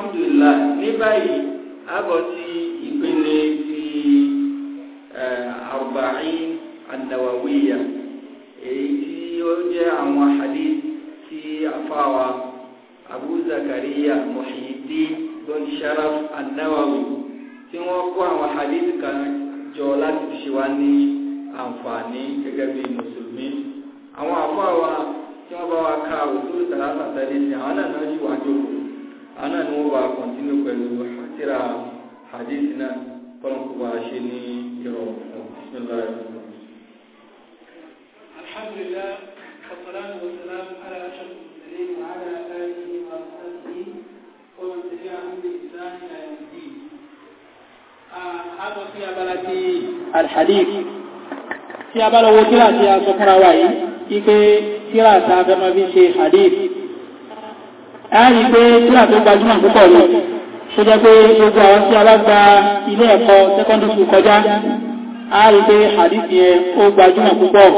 alhamdulillah ní báyìí àbọ̀ ti ìpele ti arba'in an-nawawiyya èyí tí ó jẹ́ àwọn hadith tí àfáwà abu zakariya muhyiddin bin sharaf an-nawawi tí wọ́n kó àwọn hadith kan jọ láti fi ṣe wá ní àǹfààní gẹ́gẹ́ bí mùsùlùmí àwọn àfáwà tí wọ́n bá wa ká òṣèlú tàlátàtà ní àwọn náà náà yíwájú òkú àná ni wọ́n wà kọ̀ntínú pẹ̀lú àtìrà hadith náà kọ́lọ̀kù wà ṣe ní ìrọ̀rùn fún alhamdulillah والصلاة والسلام على أشرف المرسلين وعلى آله وصحبه ومن تبعهم بإحسان إلى يوم الدين. هذا في بلدي الحديث tí a bá lọ wo tíra tí a sọ fúnra wa yìí ike tíra tá ṣe hadith ẹ̀rí pé tíra tó gbajúmọ̀ púpọ̀ ni tó jẹ́ pé gbogbo àwọn tí alágbà ilé ẹ̀kọ́ secondary school kọjá ẹ̀rí pé hadith yẹn ó gbajúmọ̀ púpọ̀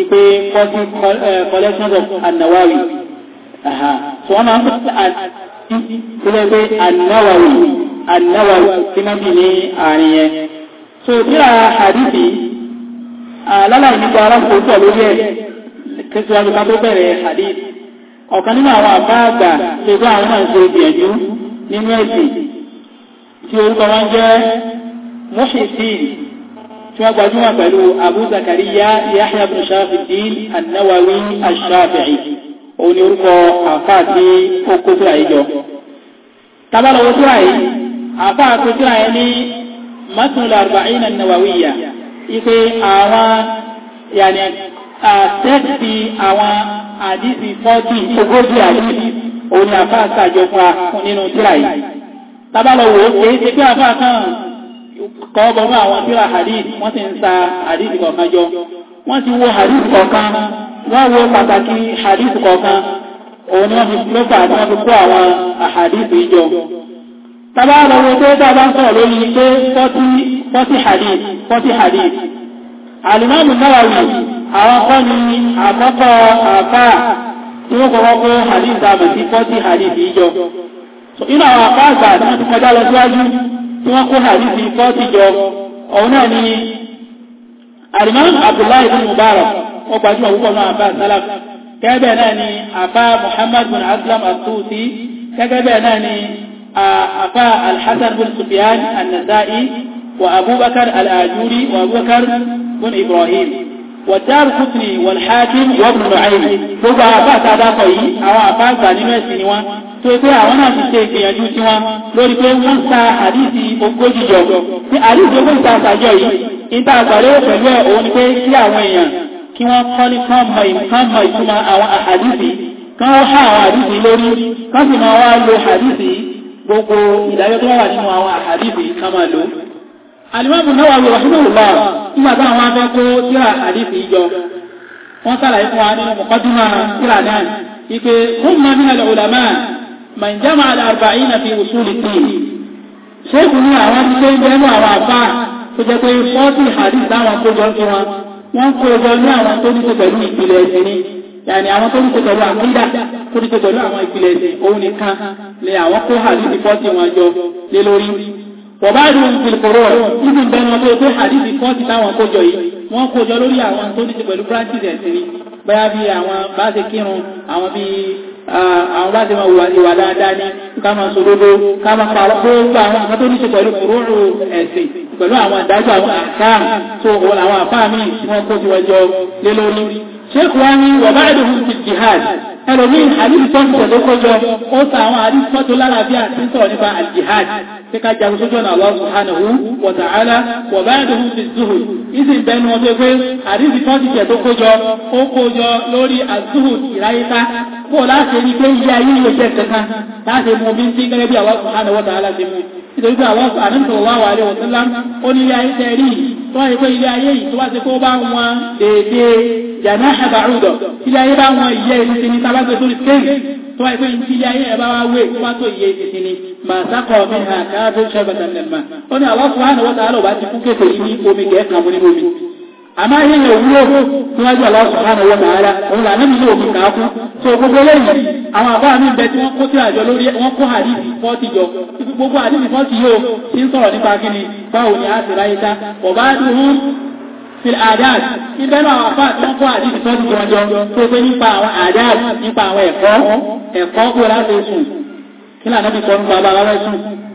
ipe fourteen eh, collections of anawawi so wọ́n máa ń pè tó jẹ́ pé anawawi anawawi tí wọ́n bì ní àárín yẹn so tíra hadith alálàyé ah, nípa arákùnrin pọ̀ lórí ẹ̀ kí tí wọ́n ọ̀kan nínú àwọn àbá àgbà ṣe bá àwọn náà ṣe ìgbìyànjú nínú ẹ̀sìn tí orúkọ wọn jẹ́ Muhyiddin tí wọ́n gbajúmọ̀ pẹ̀lú Abu Zakariya Yahya bin Shafiddin An-Nawawi Ash-Shafi'i òun ni orúkọ àfá àti kókó tó àyíjọ a àwọn àdísì fọ́tì ogójì àdísì òun ni àfáà sàjọ nínú tíra yìí tábàlọ̀ wò ó kéé ṣe pé àfáà kan kọ́ bọ́mọ́ àwọn tíra hadith wọ́n sa hadith kọ̀ọ̀kan jọ wọ́n ti wo hadith kọ̀ọ̀kan wọ́n wo pàtàkì hadith kọ̀ọ̀kan òun ni wọ́n fi lọ́fà àti wọ́n fi kó àwọn hadith yìí jọ tábàlọ̀ wo pé tábà ń sọ̀rọ̀ lórí pé àwọn kọ́ ni àkọ́kọ́ àfá tí ó kọ́kọ́ pé hadith àmì tí kọ́ sí hadith ìjọ inú àwọn àfá àgbà tí wọ́n ti kọjá lọ síwájú tí wọ́n kó hadith kọ́ sí jọ ọ̀hún náà ni alimam abdullahi bin mubarak ó gbajúmọ̀ púpọ̀ náà àfá salaf gẹ́gẹ́ náà ni àfá muhammad bin aslam atusi gẹ́gẹ́ náà ni àfá alhassan bin sufyan an wa abubakar al wa abubakar bin ibrahim wọ̀dáàrù kùtìrì wọ̀lháàkì wọ́bùn lọ́àìrì gbogbo àwọn àbá àtàdápọ̀ yìí àwọn àbá àgbà nínú ẹ̀sìn ni wọ́n tó pé àwọn náà ti ṣe ìgbìyànjú tí wọ́n lórí pé wọ́n sa àdíìsì ogójìjọ tí àdíìsì ogójìta àṣàjọ yìí ìta àgbàlẹ́ pẹ̀lú ẹ̀ òun ni pé kí àwọn èèyàn kí wọ́n kọ́ ní kán mọ ìtumọ̀ àwọn àdíìsì kán wọ́n há àwọn àdíìsì lórí kán sì máa wá lo àdíìsì gbogbo ìdájọ́ tó wà nínú àwọn àdíìsì kán máa lò alimọ́bù náà wà rahimahullah nígbà tí àwọn afẹ́ kó tíra àdífì ìjọ wọ́n sàlàyé fún wa nínú muqaddima tíra náà ipé humma minal ulama man jama'a al-arba'ina fi usuli ddin ṣéèkù ní àwọn tí ó jẹ́nu àwọn àfá tó jẹ́ pé fọ́tì hadith láwọn tó jọ sí wọn wọ́n kó jọ ní àwọn tó wọ̀báàdù ìfìlìkọ̀rọ̀ ibi ìbẹ̀rẹ̀ ọdún tó hadithi kan ti táwọn kójọ yìí wọ́n kójọ lórí àwọn tó ní ti pẹ̀lú practice ẹ̀sìn ni báyá bí àwọn bá ṣe kírun àwọn bí àwọn bá ṣe máa wà ìwà dáadáa ní ká máa sòdodo ká máa pàrọ̀ gbogbo àwọn àwọn tó ní ṣe pẹ̀lú kòrónù ẹ̀sìn pẹ̀lú àwọn ìdájọ́ àwọn àṣà tó wọ́n àwọn àfáà míì wọ́n kó ti wọ́jọ ẹlòmíì àdìsí tó ń tẹ̀lé kọjọ ó ta àwọn àdìsí tó tó lára bí àti sọ̀rọ̀ nípa al-jihad tí ká jagun sójú ọ̀nà Allah subhanahu wa ta'ala wa ba'duhum fi zuhud ìsìn bẹnu wọn pé àdìsí tó ti tẹ̀ tó kọjọ ó kọjọ lórí az-zuhud ìráyíká kó láti rí pé iye ayé yóò jẹ́ kankan láti mú bí ń tí gẹ́gẹ́ bí Allah subhanahu wa ti mú nítorí pé àwọn àdínkù wà wà lè wọ̀tí ńlá ó ní ilé ayé tẹ́ rí tó wáyé pé ilé ayé yìí tó wá sí kó bá wọn èdè jàná àbàrúdọ̀ ilé ayé bá wọn ìyẹ́ ìlú ti ní tábàgbé tó lè kéèrè tó wáyé pé ilé ayé ẹ̀ wá wé tó wá tó ìyẹ́ ìlú ti àmá yẹn òwúrò níwájú aláṣùmánà wọn ààrá òun là nínú òfin kàákún tí ó gbogbo lẹ́yìn àwọn àbá mi bẹ tí wọ́n kó tí àjọ lórí wọ́n kó àdìsí fọ́ọ̀tì jọ gbogbo àdìsí fọ́ọ̀tì yóò tí ń sọ̀rọ̀ nípa kíni báwo ni a ti ráyé ta ọ̀bá dùn fil àdáàd ìbẹ̀rù àwọn afá tí wọ́n kó àdìsí fọ́ọ̀tì jọ jọ tó pé nípa àwọn àdáàd nípa àwọn ẹ̀kọ́ ẹ̀kọ́ kó láti sùn kí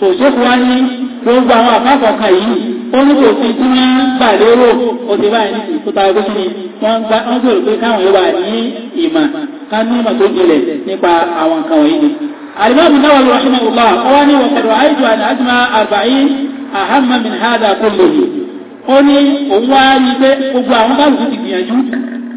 tó ṣékù wá ní gbogbo àwọn yi yìí ó ní kò sí tí wọ́n gbà lérò ó ti báyìí ní ìkúta ọdún ní wọ́n gbà wọ́n gbèrò pé káwọn yóò wà ní ìmọ̀ ká ní ìmọ̀ tó jinlẹ̀ nípa àwọn nǹkan wọ̀nyí ni. alimami náwó lọ sínú ọgbà ó wá ní wọ̀kẹ̀dọ̀ àìjọ àti àgbáyé hada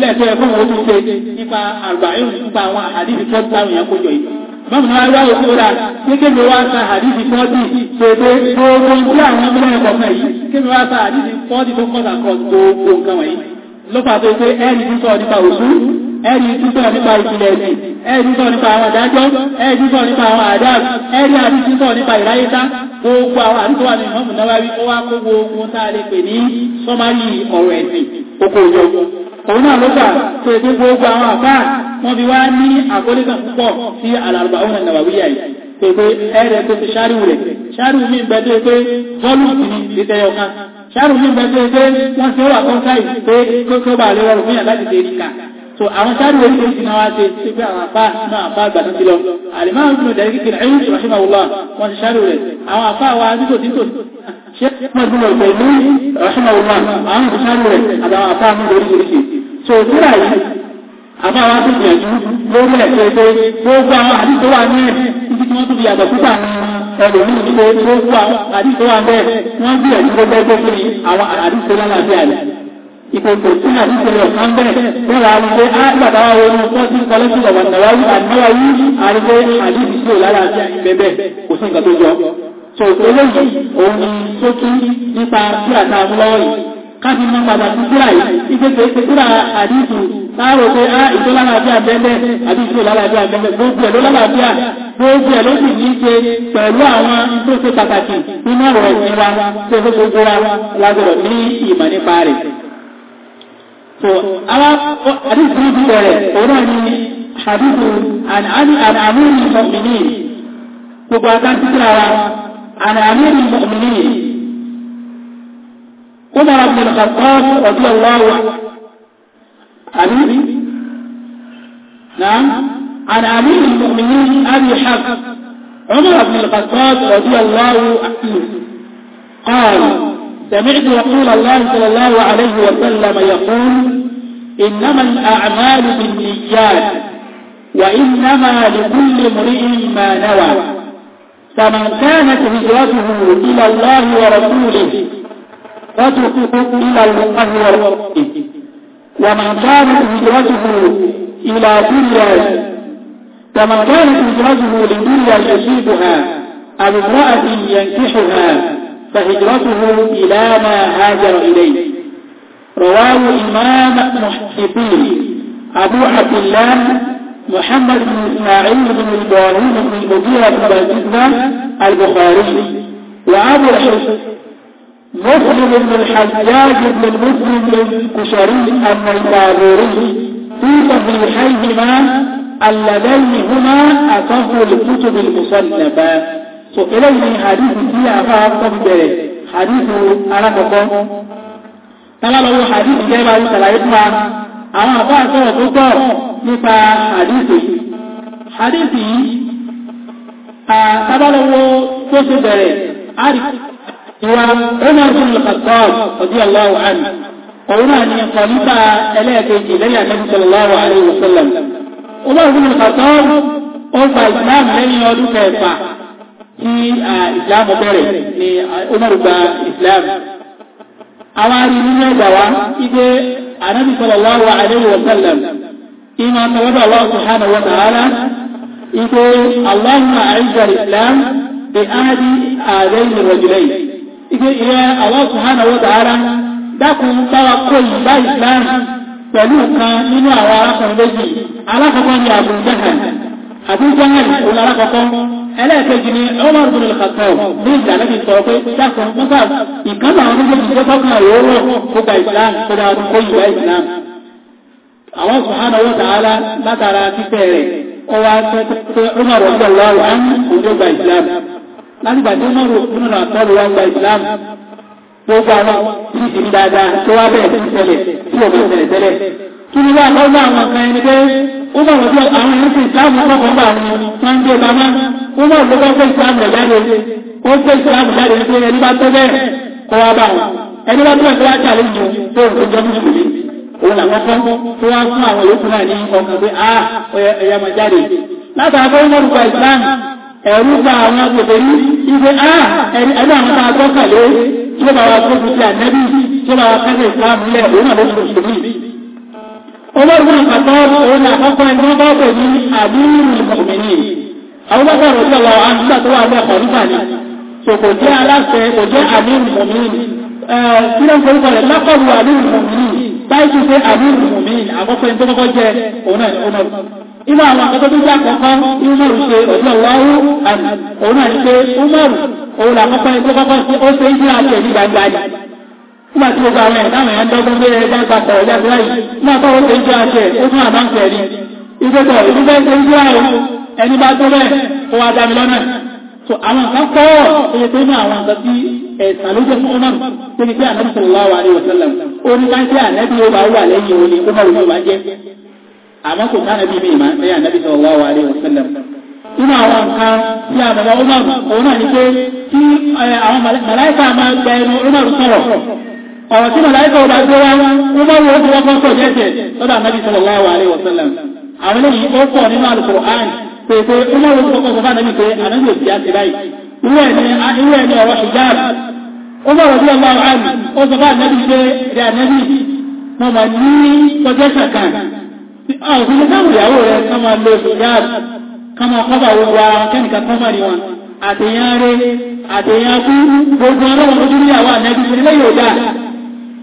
lẹ́ẹ̀tọ́ ẹ̀kọ́ wọn tó ṣe nípa àgbà ẹ̀rùn nípa àwọn àdìsí tó dáwọn èèyàn kójọ yìí mọ́mù náà rà mi wá sa àdìsí gbogbo tí àwọn ọmọbìnrin kọ̀ọ̀kan yìí kéèké mi wá sa àdìsí fọ́ọ̀dì tó kọ́ sàkọ́ gbogbo nǹkan wọ̀nyí lọ́pàá tó ṣe ẹ̀rì nípa òkú ẹ̀rì nípa ìpìlẹ̀ ẹ̀sìn ẹ̀rì nípa àwọn ẹ̀rì nípa àwọn ẹ̀rì àti nípa ìráyéta gbogbo àwọn wà ní òun náà ló gbà tó ètò gbogbo àwọn àbá wọn fi wá ní àkólítàn púpọ̀ sí àlàrùbá òun nàwàwíyà yìí tó pé ẹ̀rẹ̀ tó ti ṣáríwù rẹ̀ ṣáríwù mi bẹ tó pé volume ní ìtẹ́ ọ̀ká ṣáríwù mi bẹ tó pé wọ́n ti wà kọ́ńtà yìí pé kókó bá lè so àwọn ṣáríwù orí orí náà wá ṣe sí pé àwọn àfá náà àfá àgbàdàn ti lọ àlìmọ́ àwọn ìgbìmọ̀ ìdàrí kékeré ẹ̀yìn ìṣòro wọn ti ṣáríwù rẹ̀ àwọn àfá wa nítòsí ṣe é mọ́ ìgbìmọ̀ ìgbìmọ̀ so nígbà yìí àmọ́ àwọn tó gbìyànjú lórí ẹ̀sẹ̀ pé gbogbo àwọn àdìsó wà ní ẹ̀ títí tí wọ́n tún fi yàtọ̀ púpà ẹ̀rọ ní ìdíje gbogbo àwọn àdìsó wà bẹ́ẹ̀ wọ́n gbìyànjú gbogbo ẹgbẹ́ fún mi àwọn àdìsó lálàáfíà rẹ̀ ìkòkò tí a nípa lọ kan bẹ́ẹ̀ lọ́la wípé a gbàdá wa wọnú fọ́sí kọlẹ́sì lọ́wọ́ nàwáwí àdínáwáwí àríwé àdíbi sí òlára àti àìbẹ̀bẹ̀ kò sí nǹkan tó jọ. so eléyìí òun ni tó tún káfí mọ́ pàtàkì síra yìí ìgbésẹ̀ ìsẹ̀kúrà àdìsù láàrò pé á ìjọ lálàáfíà bẹ́ẹ̀ àbí ìjọ lálàáfíà bẹ́ẹ̀ gbogbo ẹ̀ ló lálàáfíà gbogbo ẹ̀ ló sì ní ṣe pẹ̀lú àwọn tó ṣe pàtàkì nínú ọ̀rọ̀ ẹ̀sìn wa tó ṣe gbogbo wa lágbọ̀rọ̀ ní ìmọ̀ nípa rẹ̀. so àwọn àdìsù ní ìbílẹ̀ rẹ̀ òun náà ni àdìsù àmúrin mọ̀mìnì gbogbo àkáńtì síra عمر بن الخطاب رضي الله عنه علي نعم عن امير المؤمنين ابي حفص عمر بن الخطاب رضي الله عنه قال سمعت رسول الله صلى الله عليه وسلم يقول إنما الأعمال بالنيات وإنما لكل امرئ ما نوى فمن كانت هجرته إلى الله ورسوله وتقوم إلى المنه والمنه ومن كانت هجرته إلى دنيا ومن كانت هجرته لدنيا يجيبها أو امرأة ينكحها فهجرته إلى ما هاجر إليه رواه إمام محفظين أبو عبد الله محمد بن إسماعيل بن إبراهيم بن المدير بن البخاري وأبو الحسن مسلم بن الحجاج بن المسلم بن كشري الباغوري في صحيحيهما اللذين هما أصح الكتب المصنفة سئلين حديث في أفاق صبر حديث أنا بقوم تلا لو حديث جاء بعد سلايط أنا أما أفاق صبر بقوم نفا حديث حديثي آه، تبا لو تسبر أريد ìwà Umar bin Khattab radiyallahu anhu òun náà ni kọ̀lífà ẹlẹ́ẹ̀kejì lẹ́yìn Ànábì sallallahu alaihi wasallam Umar bin Khattab ó gba ìsìláàmù lẹ́yìn ọdún kẹfà tí ìsìláàmù bẹ̀rẹ̀ ni Umar gba ìsìláàmù àwọn ìgbé ìrẹ́ Allah subhanahu wa ta'ala dákun báwa kó ìgbà Islam pẹ̀lú kan nínú àwọn arákùnrin méjì alákọ̀ọ́kọ́ ni Abu Jahl Abu Jahl òun alákọ̀ọ́kọ́ ẹlẹ́ẹ̀kejì ni Umar bin al-Khattab ní ìjà lẹ́bi sọ̀rọ̀ pé àwọn méjèèjì tó tọ́kùn látìgbà tí ó mọ̀rò òkúnnù náà tọ́lù wá gba ìsìlámù gbogbo àwọn tí ti rí dáadáa tó wá bẹ̀rẹ̀ sí ṣẹlẹ̀ tí ò bẹ̀rẹ̀ ṣẹlẹ̀ tẹ́lẹ̀ kí ni wá lọ́gbà àwọn kan ẹni pé ó bọ̀ wọ́n tí àwọn ẹni sí ìsìlámù kọ̀ọ̀kan bá àwọn máa ń gbé bàmá ó bọ̀ ló bá gbé ìsìlámù rẹ̀ jáde ó gbé ìsìlámù jáde ní pé ẹni bá tọ́ bẹ́ẹ̀ kọ́ wá bá wọn ẹni bá tọ́ bẹ́ẹ̀ jáde tó ń jẹ́ mùsùlùmí òun làwọn kan tó wá fún àwọn yòókù náà ní ọkàn pé ah ẹ̀yà máa jáde látàkọ́ ìmọ̀lùkọ̀ ìsìlámù ẹ̀rú gba àwọn agbègbèrí ibi ah, á ẹni àwọn tá a gbọ́kànlé tí ó bá wa tó fi ti ànẹ́bí tí ó bá wa kẹ́kẹ́ ìsìlámù lẹ̀ òun náà ló ti mùsùlùmí. olóògùn àpàtọ́ òun ni àkọ́kọ́ ẹni wọ́n bá bẹ̀ ní àdúrú mùsùlùmí. àwọn bá inú àwọn akẹ́kọ̀ọ́ tó jẹ́ àkọ́kọ́ ní Umaru ṣe ọjọ́ ìwáwó àti òun náà ní pé Umaru òun làkọ́kọ́ ẹgbẹ́ kọ́kọ́ sí ó ṣe ìṣẹ́ àti ẹ̀dí gbangba ni nígbà tí gbogbo àwọn ẹ̀dáwọn ẹ̀yà ń dọ́gbọ́n pé ẹja gbapọ̀ ẹja ti láyìí nígbà tó ó ṣe ìṣẹ́ àti ẹ̀ ó tún àbá ń fẹ̀ rí ìgbẹ́tọ̀ ìdúgbẹ́ ṣe ìṣẹ́ àrùn ẹni bá tó bẹ́ẹ̀ kó wá dá lọ́nà so àwọn kan kọ́ ẹyẹ tó ní àwọn nǹkan tí ẹ̀sán ló jẹ́ fún ọmọ tó ní pé ànábì sallallahu alaihi wasallam ó ní ká ń pé ànábì ó bá wà lẹ́yìn òní ó bá wù jẹ́ àmọ́ kò ká nàbí mi máa lẹ́yìn ànábì sallallahu alaihi wasallam nínú àwọn nǹkan tí Umar òun náà ni pé kí àwọn màláìka máa gba ẹnu Umar sọ̀rọ̀ ọ̀rọ̀ tí màláìka ọba gbé wá Umar wo ti wọ́pọ̀ sọ̀ jẹ́jẹ́ lọ́dọ̀ ànábì sallallahu alaihi wasallam àwọn eléyìí ó pọ̀ nínú Al-Qur'an pé pé Umar wo ti wọ́pọ̀ sọ̀ fún ànábì pé ànábì ò ti á ti báyìí irú ni ọ̀rọ̀ hijab Umar radiyallahu anhu ó sọ fún ànábì pé rẹ̀ ànábì mo mà ní kọjá ṣàkàn àwọn ah, ìsáwọn ìyàwó rẹ̀ ká máa lo ìyáàb ká máa kọ́bà gbogbo ara kẹ́nìkan kọ́ mọ̀ ní wọn àtẹ̀yànrẹ́ àtẹ̀yànkú gbogbo ọlọ́wọ́n ojú ní àwọn ànẹ́bí ṣe lẹ́yìn òjá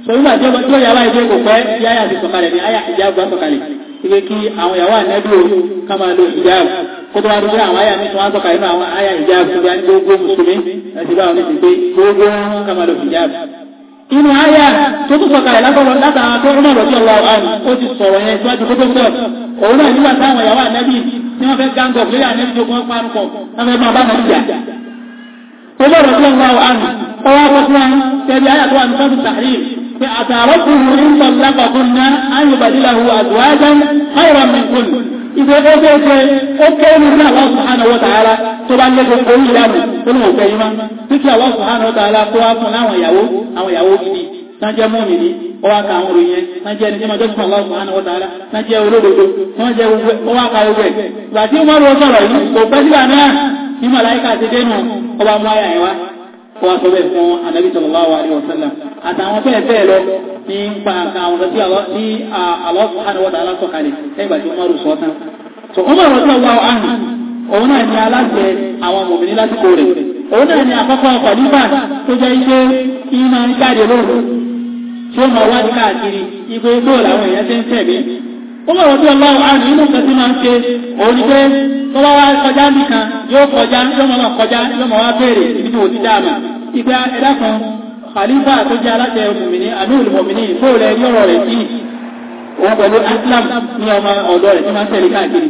sọ́rúgbà tí ó yàwá ìdí kò pẹ́ tí àyà ti sọ̀kalẹ̀ ní àyà ìjà gbà sọ̀kalẹ̀ ìgbé kí àwọn ìyàwó ànẹ́bí o ká máa lo ìjáàb kó tó wá dúró àwọn àyà mi tó wá sọ̀kalẹ̀ nínú àwọn àyà ìjáàb tó gbogbo mùsùlùmí láti bá àwọn ìsìn pé gbogbo ká máa lo ìjáàb inú ayá tó tó sọ̀kàrẹ̀ lágbọ́rọ̀ látara tó rúnà rọ̀bí ọlọ́ àrùn ó ti sọ̀rọ̀ yẹn síwájú kó tó sọ̀rọ̀ òun náà nígbà táwọn ìyàwó ànẹ́bí tí wọ́n fẹ́ gángọ̀ lórí ànẹ́bí tó kọ́ párúkọ̀ wọ́n fẹ́ máa bá wọn jà tó lọ́rọ̀ bí ọlọ́ àrùn ọwọ́ akọ́ fún wọn tẹ̀lé ayá tó wà ní sọ́dún tàrí pé àtàrọ́kùnrin ń sọ tó bá lé gbogbo orí ìyanu tó ní òfẹ́ yín wá títí àwọn sùhánù ọ̀tà aláko wá fún láwọn ìyàwó àwọn ìyàwó gidi sájẹ́ mọ́mì ní ọwá ka àwọn òròyìn sájẹ́ ẹni tí máa dọ́kítà aláwọ̀ sùhánù ọ̀tà alá sájẹ́ olódodo wọ́n jẹ́ ọwá ka ogun ẹ̀ ìgbà tí wọ́n rọ sọ̀rọ̀ yìí kò pẹ́ sígbà náà ní màláìka ti dénú ọba mú àyà ẹ̀wá ọwá sọ bẹ́ẹ̀ fún anábì sallallahu alaihi wasallam àtàwọn bẹ́ẹ̀ bẹ́ẹ̀ lọ ní pa àwọn ọ̀rọ̀ tí aláwọ̀ sùhánù ọ̀tà alá sọ̀kalẹ̀ ẹgbà tí ọ̀rọ̀ tí wọ́n wá òun náà ni aláṣẹ àwọn mòmìnì lásìkò rẹ̀ òun náà ni àkọ́kọ́ ọ̀pọ̀lífà tó jẹ́ iṣẹ́ iná ń jáde lóòrùn tí ó máa wádìí káàkiri igbó igbó làwọn èèyàn ṣe ń O ó mọ̀ wọ́n tí ọlọ́run àrùn inú nǹkan tí máa ń ṣe òun pé tó bá wá kọjá nìkan yóò kọjá yóò máa kọjá ibi tí ti dáàmà ìgbà ẹ̀dá kan tó jẹ́ aláṣẹ ní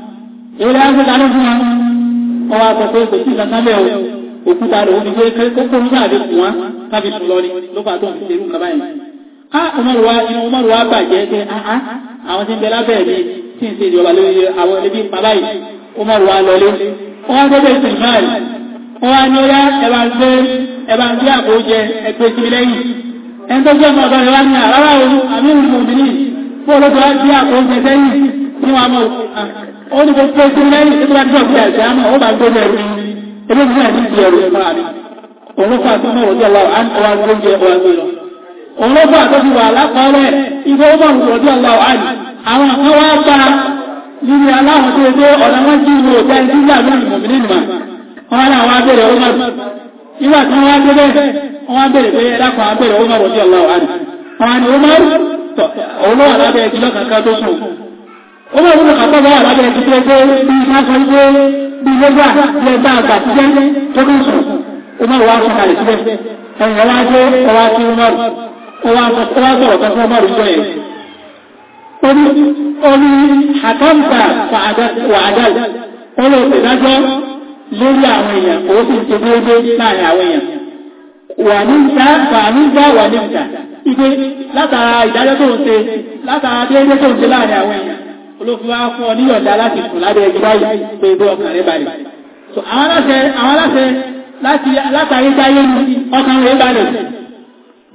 èwo lẹ́yìn tó dáná fún wa wọ́n wá sọ pé kò sí ìkankan o òkúta rẹ̀ ó ní pé kókó ń jáde fún wa kábi sùn lọ ni ló tó ń fi ṣerú nǹkan báyìí. a ọmọrù inú ọmọrù bàjẹ́ pé aha ah, àwọn tí ń bẹ lábẹ́ mi tí ń ṣe ìjọba lórí àwọn ẹbí ń pa báyìí ọmọrù wa lọlé. wọ́n wá gbẹ́dẹ̀ sùn báyìí wọ́n wá ní ọyá ẹ bá ń gbé ẹ bá ń gbé àpò jẹ ẹgbẹ́ sí lẹ́yìn. ẹni tó gbé ọmọ ọ̀dọ́ rẹ̀ wá ah, wọ́n ní gbogbo ogun lẹ́yìn tí wọ́n gbọ́ ìgbà ìgbà náà wọ́n bá gbé ẹrù ẹgbẹ́ ìgbà ní ìdí ẹrù ẹ̀fọ́ àmì òun fà tó mọ̀ ọjọ́ lọ àwọn agbóúnjẹ ọwọ́ agbó lọ. òun ló fà tó ti wà lápọ̀ọ́lẹ̀ ìgbà ó mọ̀ ọjọ́ lọ àmì àwọn kan wá bá níbi aláwọ̀ tó dé ọ̀nà wọn jí ìlú òjá ìdí ìgbà ní ìmọ̀mí nìmọ̀ wọn ní àwọn abẹ́rẹ́ ọmọ ìgbà tí wọ́n wá dé bẹ́ẹ̀ wọ́n bẹ̀rẹ̀ pé ẹ̀dákan abẹ́rẹ́ ọmọ ọjọ́ lọ àmì wọn ni ó mọ̀ ọ̀rọ̀ olówó alábẹ́ ìjìlọ́ kankan tó sùn wọ́n bá wọ́n kàpọ̀ bá àbájá ti tẹ́ pé bí i máa sọ pé bí lẹ́gbà lẹ́gbà àgbà ti jẹ́ tó bí sùn ó máa wá sọ kalẹ̀ síbẹ̀ ẹ̀yìn ọwá jẹ́ ọwá tí ó máa ọwá sọ̀rọ̀ kan fún ọmọ ìjọ yẹn orí orí àkọ́ǹtà wàdà ọlọ́ ìdájọ́ lórí àwọn èèyàn kò sì ti déédéé láàrin àwọn èèyàn wà ní ìta wà ní ìta wà ní ìta ìgbé látara ìdájọ́ tó ń ṣe látara déédéé tó ń ṣe láàrin àwọn èèyàn olófin wá fún ọ níyọ̀dá láti sùn lábẹ́ ẹgbẹ́ báyìí pé ibi ọkàn rẹ balẹ̀ so àwọn aláṣẹ àwọn aláṣẹ láti látàrí táyé ní ọkàn rẹ balẹ̀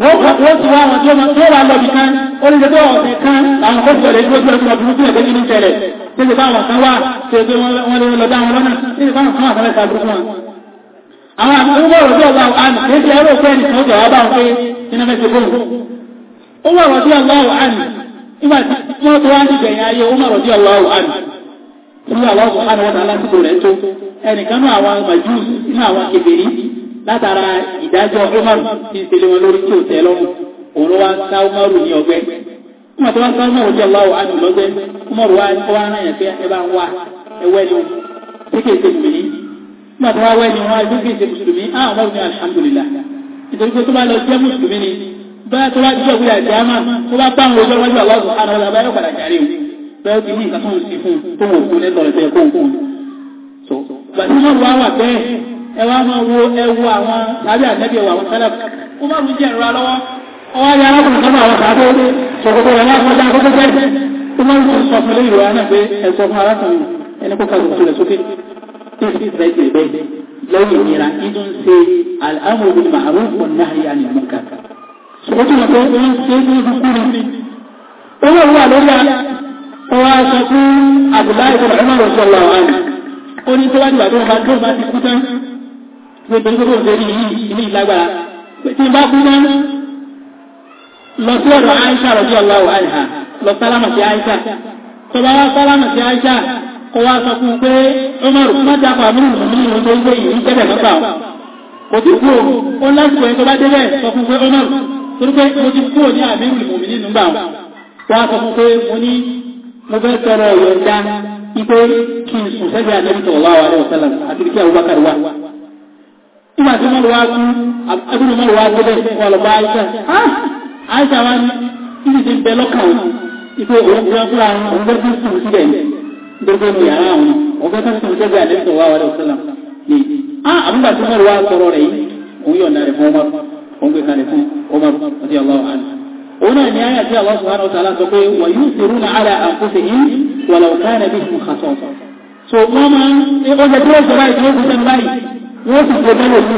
wọ́n ti wá àwọn tó wà lọ́bì kan olùdókòwò ọ̀sẹ̀ kan àwọn kó sọ̀rọ̀ ìgbó tó lọ́pọ̀ burúkú ẹ̀gbẹ́ nínú ìṣẹ̀lẹ̀ tẹ́lẹ̀ bá àwọn kan wà tó gbé wọn lè lọ dá wọn lọ́nà tẹ́lẹ̀ bá àwọn kan wà sọ́lẹ̀ ta burúkú wọn. àwọn àgbẹ̀wò ọ̀rọ̀ tó ọba àmì kéjì ẹ̀rọ òkú ẹnì kan ó jọ wá bá wọn pé nínú mẹ́sẹ̀ fóun. ó wà ọ̀rọ̀ tó ọba àmì nígbà tí wọ́n tó wá ní ìgbẹ̀yìn látara ìdájọ́ Umar ti tẹ̀lé wọn lórí tí ò tẹ́ lọ́rùn òun wá ń ní ọgbẹ́ tó wá wá ń ń wá ẹwẹ́ bẹ́ẹ̀ tó bá jẹ́ òwe àjámà tó bá báwọn ojú ọwájú àwọn ara ọ̀la bá yóò padà jàre o bẹ́ẹ̀ bí ní nǹkan tó ń sí fún tó wò fún lẹ́tọ̀ ẹ̀fẹ́ kó fún so gbà tí wọ́n wá wà bẹ́ẹ̀ ẹ wá máa wo ẹwu àwọn tàbí àtẹ́bí ẹwà àwọn sálà kó má mú jẹ́ ìrora lọ́wọ́ ọwọ́ ayé arákùnrin kan àwọn sàbó sọ̀kòtò rẹ̀ láti ọjà àkókò pẹ́ tó má mú sọ fún lórí ìrora náà pé ẹ̀sọ́ fún arákùnrin ẹni kó ka gbòòtò rẹ̀ sókè tó sì fẹ́ jẹ̀ bẹ́ẹ̀ lẹ́yìn ìnira ìdún ṣe àmọ̀ ògùn màrún fún náà yà ní mú kàkà ṣòwòtò mọ̀ pé wọ́n ṣe é fún ìdúkú ni owó wà lórí ọwọ́ aṣọ fún Abdullahi ibn Umar radiyallahu anhu ó ní tó wájú àti ọba tó bá ti kú tán ní pẹ̀lú gbogbo òṣèré yìí ní ìlágbára tí bá kú tán lọ sí ọ̀dọ̀ Aisha radiyallahu anha lọ sálámà sí Aisha tó bá wá sálámà sí Aisha ó wá sọ fún pé Umar má dákọ̀ àmúrù mùsùlùmí ìlú tó ń gbé yìí ń tẹ́lẹ̀ lọ́pàá kò tí kú ó lásìkò ẹni tó bá débẹ̀ sọ fún pé Umar torí pé mo ti kúrò ní àmírù ìmòmí nínú gbà wọn wọ́n sọ fún pé mo ní mo fẹ́ tọrọ ìyọ̀ǹda ipé kí n sùn sẹ́gbẹ̀ẹ́ Ànábì sallallahu alaihi wasallam àti kí Abubakar wà nígbà tí wọ́n lọ wá kú abúlé mọ́ lọ wá gbọ́dẹ̀ wọ́n lọ bá Aisha ah! Aisha wa ní ibi tí ń bẹ lọ́kàn ipé òun gbọ́dọ̀ fúnra àwọn òun gbọ́dọ̀ sùn síbẹ̀ gbogbo ní yàrá àwọn òun fẹ́ sùn sẹ́gbẹ̀ẹ́ Ànábì sallallahu alaihi wasallam ni ah! àbúgbà tí wọ́n lọ wá sọ̀rọ̀ rẹ̀ yìí òun yọ̀ǹda rẹ̀ fún ọmọ ó ń gbé kalẹ̀ fún Umar radiyallahu anhu òun náà ni àyà tí Allah subhanahu wa ta'ala sọ pé wa yusiruna ala anfusihim walau kana bihim khasasa so wọ́n máa ń ọjọ́ tí ó sọ báyìí tí ó sọ báyìí wọ́n sì gbé bẹ́ẹ̀ lòdì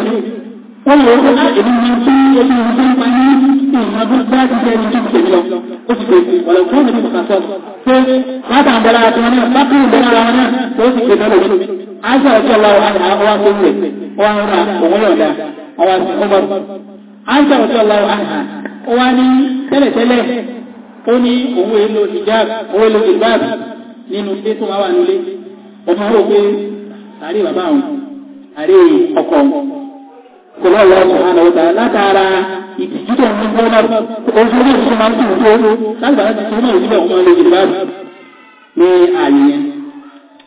wọ́n lè wọ́n láti ní ní tí ó ti rí fún parí ìrìnà bí bá ti jẹ́ ní tó ti lọ ó sì gbé ọ̀lẹ̀ fún ìdí bùkátọ́ pé látà ń bẹ̀rẹ̀ àti wọn náà bá kúrò bẹ̀rẹ̀ ara wọn náà ó sì gbé bẹ́ẹ̀ lòdì àṣà ọjọ́ ọlọ́wọ́ àwọn àwọn tó ń lè wọ́n rà òun yọ̀ọ̀dà àwọn àti Aisha radiyallahu anha ó wá ní tẹ́lẹ̀tẹ́lẹ̀ ó ní òun èlò hijab òun èlò hijab nínú ilé tó wá wà nílé ọmọ rò pé àrí bàbá òun àrí ọkọ̀ kò lọ́wọ́ ọ̀sán àná ọ̀tà látara ìtìjú tó ń gbọ́ náà ó fún ilé ìṣúná tó ń tó lágbàá ti tún náà ìbílẹ̀ ọmọ ilé hijab ní ààyè yẹn.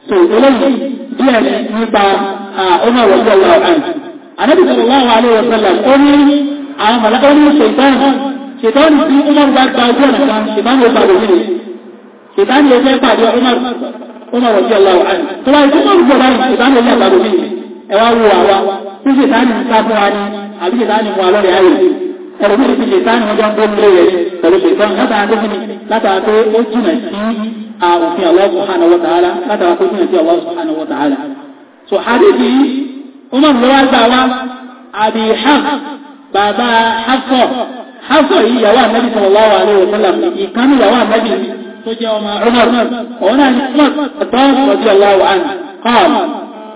So eléyìí díẹ̀ nípa ọmọ ìwọ̀n tó wà àná. Ànábì sallallahu alaihi wasallam ó ní àwọn màlákàá ní ṣètánì ṣètánì tí Umar bá gba ojú ọ̀nà kan ṣètánì ó pàdé òjì rẹ̀ ṣètánì ó fẹ́ pàdé Umar Umar ọjọ́ aláwọ̀ àná tó bá ikú Umar bọ̀ báyìí ṣètánì ó pàdé òjì rẹ̀ ẹ wá wo àwa tí ṣètánì ń sá fún wa ní àbí ṣètánì mú alọ́rẹ̀ ayò ẹ̀rọ bí ti ṣètánì wọn jọ ń gbóhùn lóye pẹ̀lú ṣètánì látara tó fún mi látara pé ó jìnà sí òfin Allah subhanahu wa ta'ala látara pé ó jìnà sí Allah subhanahu wa ta'ala so hadithi Umar lọ́wọ́ gbà wá àbí hàn bàbá Hafsa Hafsa yìí yàwó ànábì sallallahu alaihi wa sallam ìkánú yàwó ànábì tó jẹ́ ọmọ Umar òun náà ní Umar àtọ́ radiyallahu anhu qala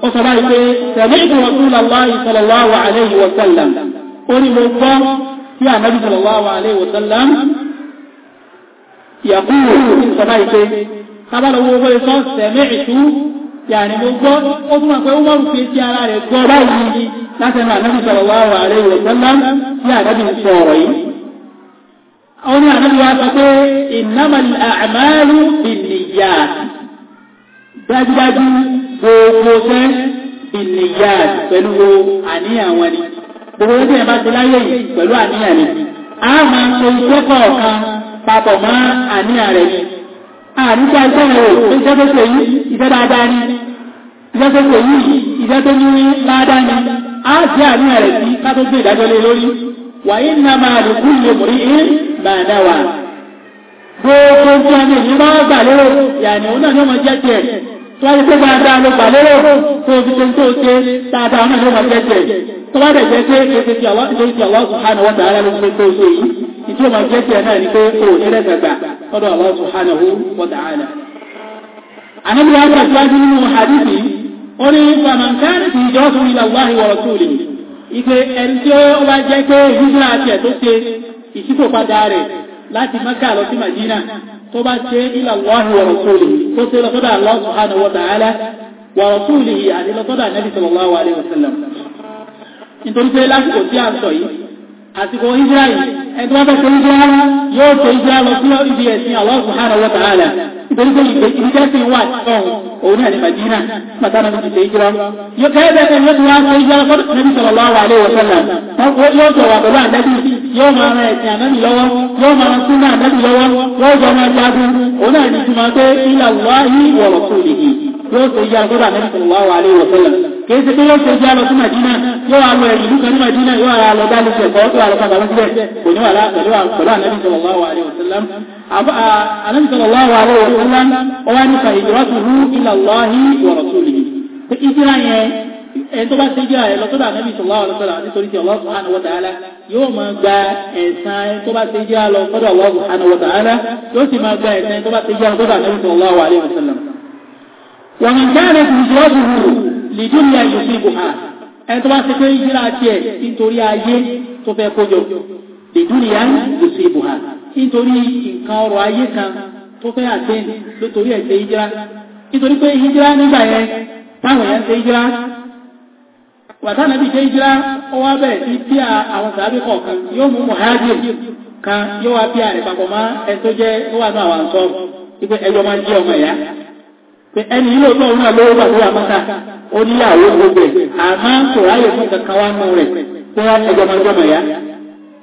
ó sọ báyìí pé sami'tu Rasulullahi sallallahu alaihi wa sallam ó ní mo gbọ́ tí ànábì sallallahu alaihi wa sallam yàkúrò sọ báyìí pé tábàlọ́wọ́ owó ẹ̀sọ́ sami'tu yàrin mo gbọ́ ó tún wà pé ó wọ́n rú pé tí ara rẹ̀ gbọ́ báyìí ni láti ẹnu ànábì sọ̀rọ̀ wá wà rẹ̀ ìwọ̀ sọ́lá tí ànábì ń sọ ọ̀rọ̀ yìí. ó ní ànábì wa sọ pé innamal a'malu binniyat dájúdájú gbogbo sẹ́ binniyat pẹ̀lú àníyàn wọn ni gbogbo ó dẹ̀ bá ti láyé yìí pẹ̀lú àníyàn ni ìdájọ́ tó yí ìdájọ́ ní ládá ni a ti àníyàn rẹ̀ sí ká tó gbé ìdájọ́ lé lórí wà ní nà máa lè kú lè mọ̀rí ẹ́ máa dá wa gbogbo tí a ní ìyẹn bá gbà lérò yàní òun náà ni ó mọ jẹ́ tiẹ̀ tó wáyé tó dáadáa ló gbà lérò tó fi ṣe tó ṣe dáadáa òun náà ni ó tó bá dẹ̀ pé kéde ti àwọn ìlú ti àwọn subhanahu wa ta'ala ló fi tó ṣe yìí ìtí ó mọ náà ni pé kò ní rẹ̀ gbàgbà lọ́dọ̀ àwọn subhanahu wa ta'ala. àníbi ó ní fàmàǹkárì tí ìjọ fún ilẹ̀ wáhí wọ̀rọ̀ tó lè ipe ẹni tí ó bá jẹ́ pé hijira àti ẹ̀ tó ṣe ìṣípò padà rẹ̀ láti Mẹ́kà lọ sí Màdínà tó bá ṣe ilẹ̀ wáhí wọ̀rọ̀ tó lè tó ṣe lọ́sọ́dọ̀ Allah subhanahu wa ta'ala wọ̀rọ̀ tó lè àti lọ́sọ́dọ̀ Nabi sallallahu alaihi wasallam nítorí pé lásìkò tí òun náà ni Madina mátánà ti ṣe ìjírá yóò kẹ́ ẹ̀bẹ̀ kan yóò wá ṣe ìjírá fọ́dọ̀ Nabi sallallahu alaihi wa sallam yóò sọ wà pẹ̀lú àdájú yóò máa rẹ̀ ẹ̀sìn àdájú lọ́wọ́ yóò máa rẹ̀ súnmọ́ àdájú lọ́wọ́ yóò jọ máa jagun òun náà ni túmọ̀ pé ilà wáyé wa rasulihi yóò ṣe ìjírá fọ́dọ̀ Nabi sallallahu alaihi wa sallam kìí ṣe pé yóò ṣe ìjírá lọ sí Madina yóò wá lọ ìlú kan ní Madina yóò wá lọ dálé ṣẹ̀kọ́ yóò wá lọ padà lọ sílẹ̀ kò ní wà pẹ̀lú sallallahu alaihi wa Ànábì sallallahu alaihi wa sallam ọwá nípa ìjọ́sùrú ila Allahi wa rasulihi. Ìjìrá yẹn ẹni tó bá ṣe sallallahu alaihi wa sallam nítorí tí Allah subhanahu wa ta'ala yóò máa gba ẹ̀san ẹni tó bá ṣe jẹ́ lọ sọ́dọ̀ Allah subhanahu wa ta'ala yóò sì máa gba ẹ̀san ẹni tó bá ṣe jẹ́ lọ́tọ́dà Ànábì sallallahu alaihi wa sallam. Wa man kanat hijratuhu li dunya yusibuha ẹni tó bá ṣe pé ìjìrá tiẹ̀ nítorí ayé tó ìdúnìyà ń gbèsè ìbòhà nítorí nǹkan ọrọ̀ ayé kan tó fẹ́ àtẹ́n lótorí ẹ̀ ṣe hijira nítorí pé hijira nígbà yẹn táwọn èèyàn ṣe hijira wàtánàbí ṣe hijira ó wá bẹ̀rẹ̀ sí bí àwọn sàábì kọ̀ọ̀kan yóò mú mọ̀hájì kan yóò wá bí àrẹ̀ papọ̀ mọ́ ẹni tó jẹ́ tó wà ní àwọn àǹsọ́ pé ẹjọ́ máa jẹ́ ọmọ ẹ̀yà pé ẹni ilé ọgbọ́n náà lówó pàtó wà mọ́ta ó níyàwó gbogbo ẹ̀ àmọ́ kò fún kankan wá nù rẹ̀ pé ẹjọ́ máa jẹ́ ọmọ ẹ̀yà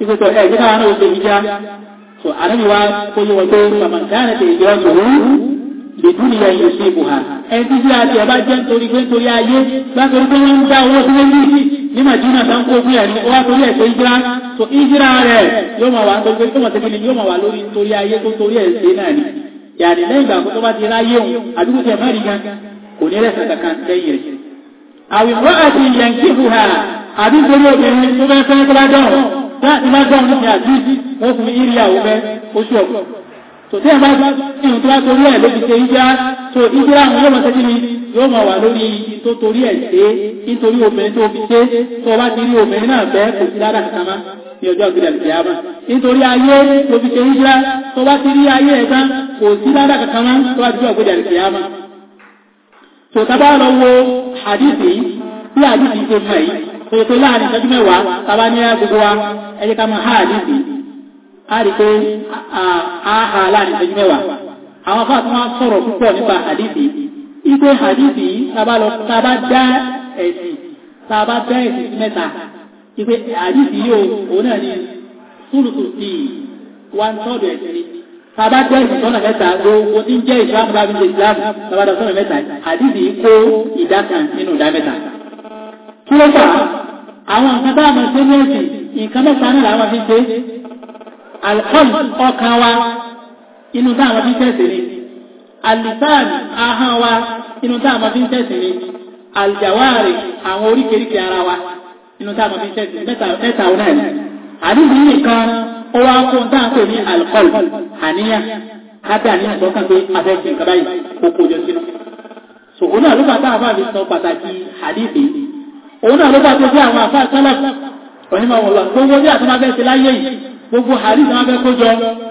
ìfẹ́tọ̀ ẹ̀jẹ́ náà náà ṣe ìjá so àrẹ́wà kó yíwọ tó sàmàkánà tè ìjọ ṣòro lèdúnìyà ìlú sí ibù ha ẹni tí a ti ẹ̀bá jẹ́ nítorí pé nítorí ayé látọrí pé wọ́n ń dá owó sí lẹ́yìn ní màjínà sáńkó fún ẹ̀rí wá torí ẹ̀sẹ̀ ìjírá so ìjírá rẹ̀ yóò máa wà torí pé tó wọ́n ti gbìn yóò máa wà lórí nítorí ayé tó torí ẹ̀sẹ̀ náà ni yàrá lẹ́yìn ìgbà tó bá ti ráyé òun àdúgbò tẹ̀ má rí gan kò ní rẹ̀sẹ̀ kankan lẹ́yìn rẹ̀ àwìmọ́ àti ìyànkíhù ha àbí torí obìnrin tó fẹ́ fẹ́ tó bá dán náà ti máa gbọ́n nípa àti wọ́n fún ìrì àwọ̀fẹ́ oṣù ọ̀pọ̀ tò tí ẹ̀bá tí ìhùn tó bá torí ẹ̀ lóbi ṣe ìjá tó ìjá àwọn yóò mọ̀ sẹ́jì ni yóò mọ̀ wà lórí tó torí ẹ̀ ṣe nítorí obìnrin tó fi ṣe tó bá ti rí obìnrin náà bẹ́ẹ̀ kò sí lára kàmá ní ọjọ́ ìgbìlẹ̀ ìjàmà nítorí ayé tó fi ṣe ìjá tó bá ti rí ayé ẹ̀ta kò sí lára kàmá tó bá ti wo àdìsí bí àdìsí ṣe mọ̀ oye pé láàrin ìtọ́jú mẹ́wàá tàbá ní gbogbo wa ẹjẹ́ ká mọ́ ha àdìsí a rí pé àhà láàrin ìtọ́jú mẹ́wàá àwọn fáà tó wá sọ̀rọ̀ púpọ̀ nípa àdìsí ipé àdìsí tàbá dá ẹ̀sì tàbá dá ẹ̀sì mẹ́ta ipé àdìsí yóò òun náà ni fúlùtù sí one third ẹ̀sì tàbá dá ẹ̀sì sọ́nà mẹ́ta gbogbo tí ń jẹ́ ìṣọ́ àmúlábí ìṣẹ́ ìṣẹ́ àmúlábí ìṣẹ́ àmúlábí ìṣẹ́ àmúlábí ìṣẹ́ àmúlábí ìṣẹ́ àmúlábí ìṣẹ́ àmúlábí ìṣẹ́ àmúlábí ìṣẹ́ àmúlábí ìṣẹ́ àmúlábí kí ló fà àwọn nǹkan tá a mọ̀ sí ní ẹ̀sìn nǹkan mẹ́ta náà làwọn fi ṣe alkọ́lù ọkàn wa inú tá àwọn fi tẹ̀sì ni alisan ahọ́n wa inú tá àwọn fi tẹ̀sì ni aljawari àwọn oríkèríkè ara wa inú tá àwọn fi tẹ̀sì ni mẹ́ta ọ̀nà ẹ̀ àdúgbò nìkan ó wá kó ń tàn pé ní alkọ́lù àníyàn kábí àníyàn tó kàn pé afẹ́sì nǹkan báyìí kókó jọ sínú ṣòkó náà ló bá tá àwọn àfi sọ pàtàkì àdífèé òun náà ló bá tó bí àwọn àfá sálà onímọ̀ wọ̀lá gbogbo bí àtúmá fẹ́ ṣe láyé yìí gbogbo hadith wọn fẹ́ kójọ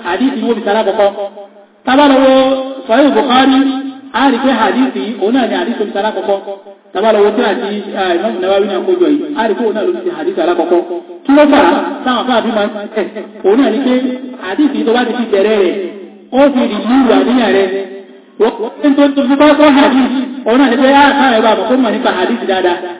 hadith ni wọ́n fi sára kọ́kọ́ tábàlọ́wọ́ sọ́yìn Bukhari a rí pé hadith yìí òun náà ni hadith tó fi sára kọ́kọ́ tábàlọ́wọ́ tí àti Imam Nawawi náà kójọ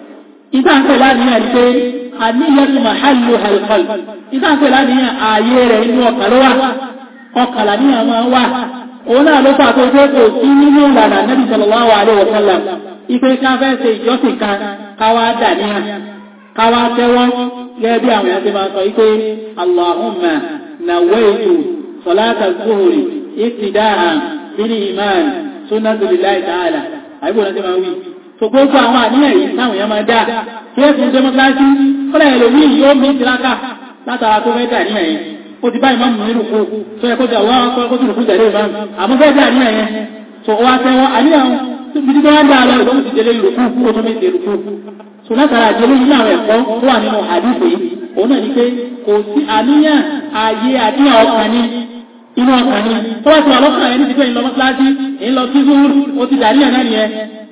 ìtànkù láníyàn pé àníyàn màhálù àlùkọ́lù ìtànkù láníyàn ààyè rẹ̀ inú ọkàn ló wà ọkàn làníyàn máa wà òun náà ló pàtó pé kò sí nínú ìlànà nẹ́bí sallallahu alaihi wa sallam ipe káfẹ́ ṣe ìjọsìn kan káwá dàníyàn káwá tẹ́wọ́ gẹ́gẹ́ bí àwọn ẹ̀sìn máa sọ wípé Allahumma nawaitu salata zuhuri ibtida'an bil iman sunnatullahi ta'ala àyíkò náà ti máa wí tó gbogbo àwọn àníyàn yìí táwọn èèyàn máa dá tó ẹ̀sùn democracy kọ́lá ẹlòmíì yóò mí tìlákà látara tó fẹ́ dàníyàn yẹn ó ti bá ìmáàmù nínú kú tó ẹ̀kọ́ jà wá kọ́kọ́ tó lùkú jẹ̀lé ìmáàmù àmọ́ fẹ́ dàníyàn yẹn tó wá tẹ́wọ́ àníyàn títí tó wá dá lọ ti ìrùkú tó ìrùkú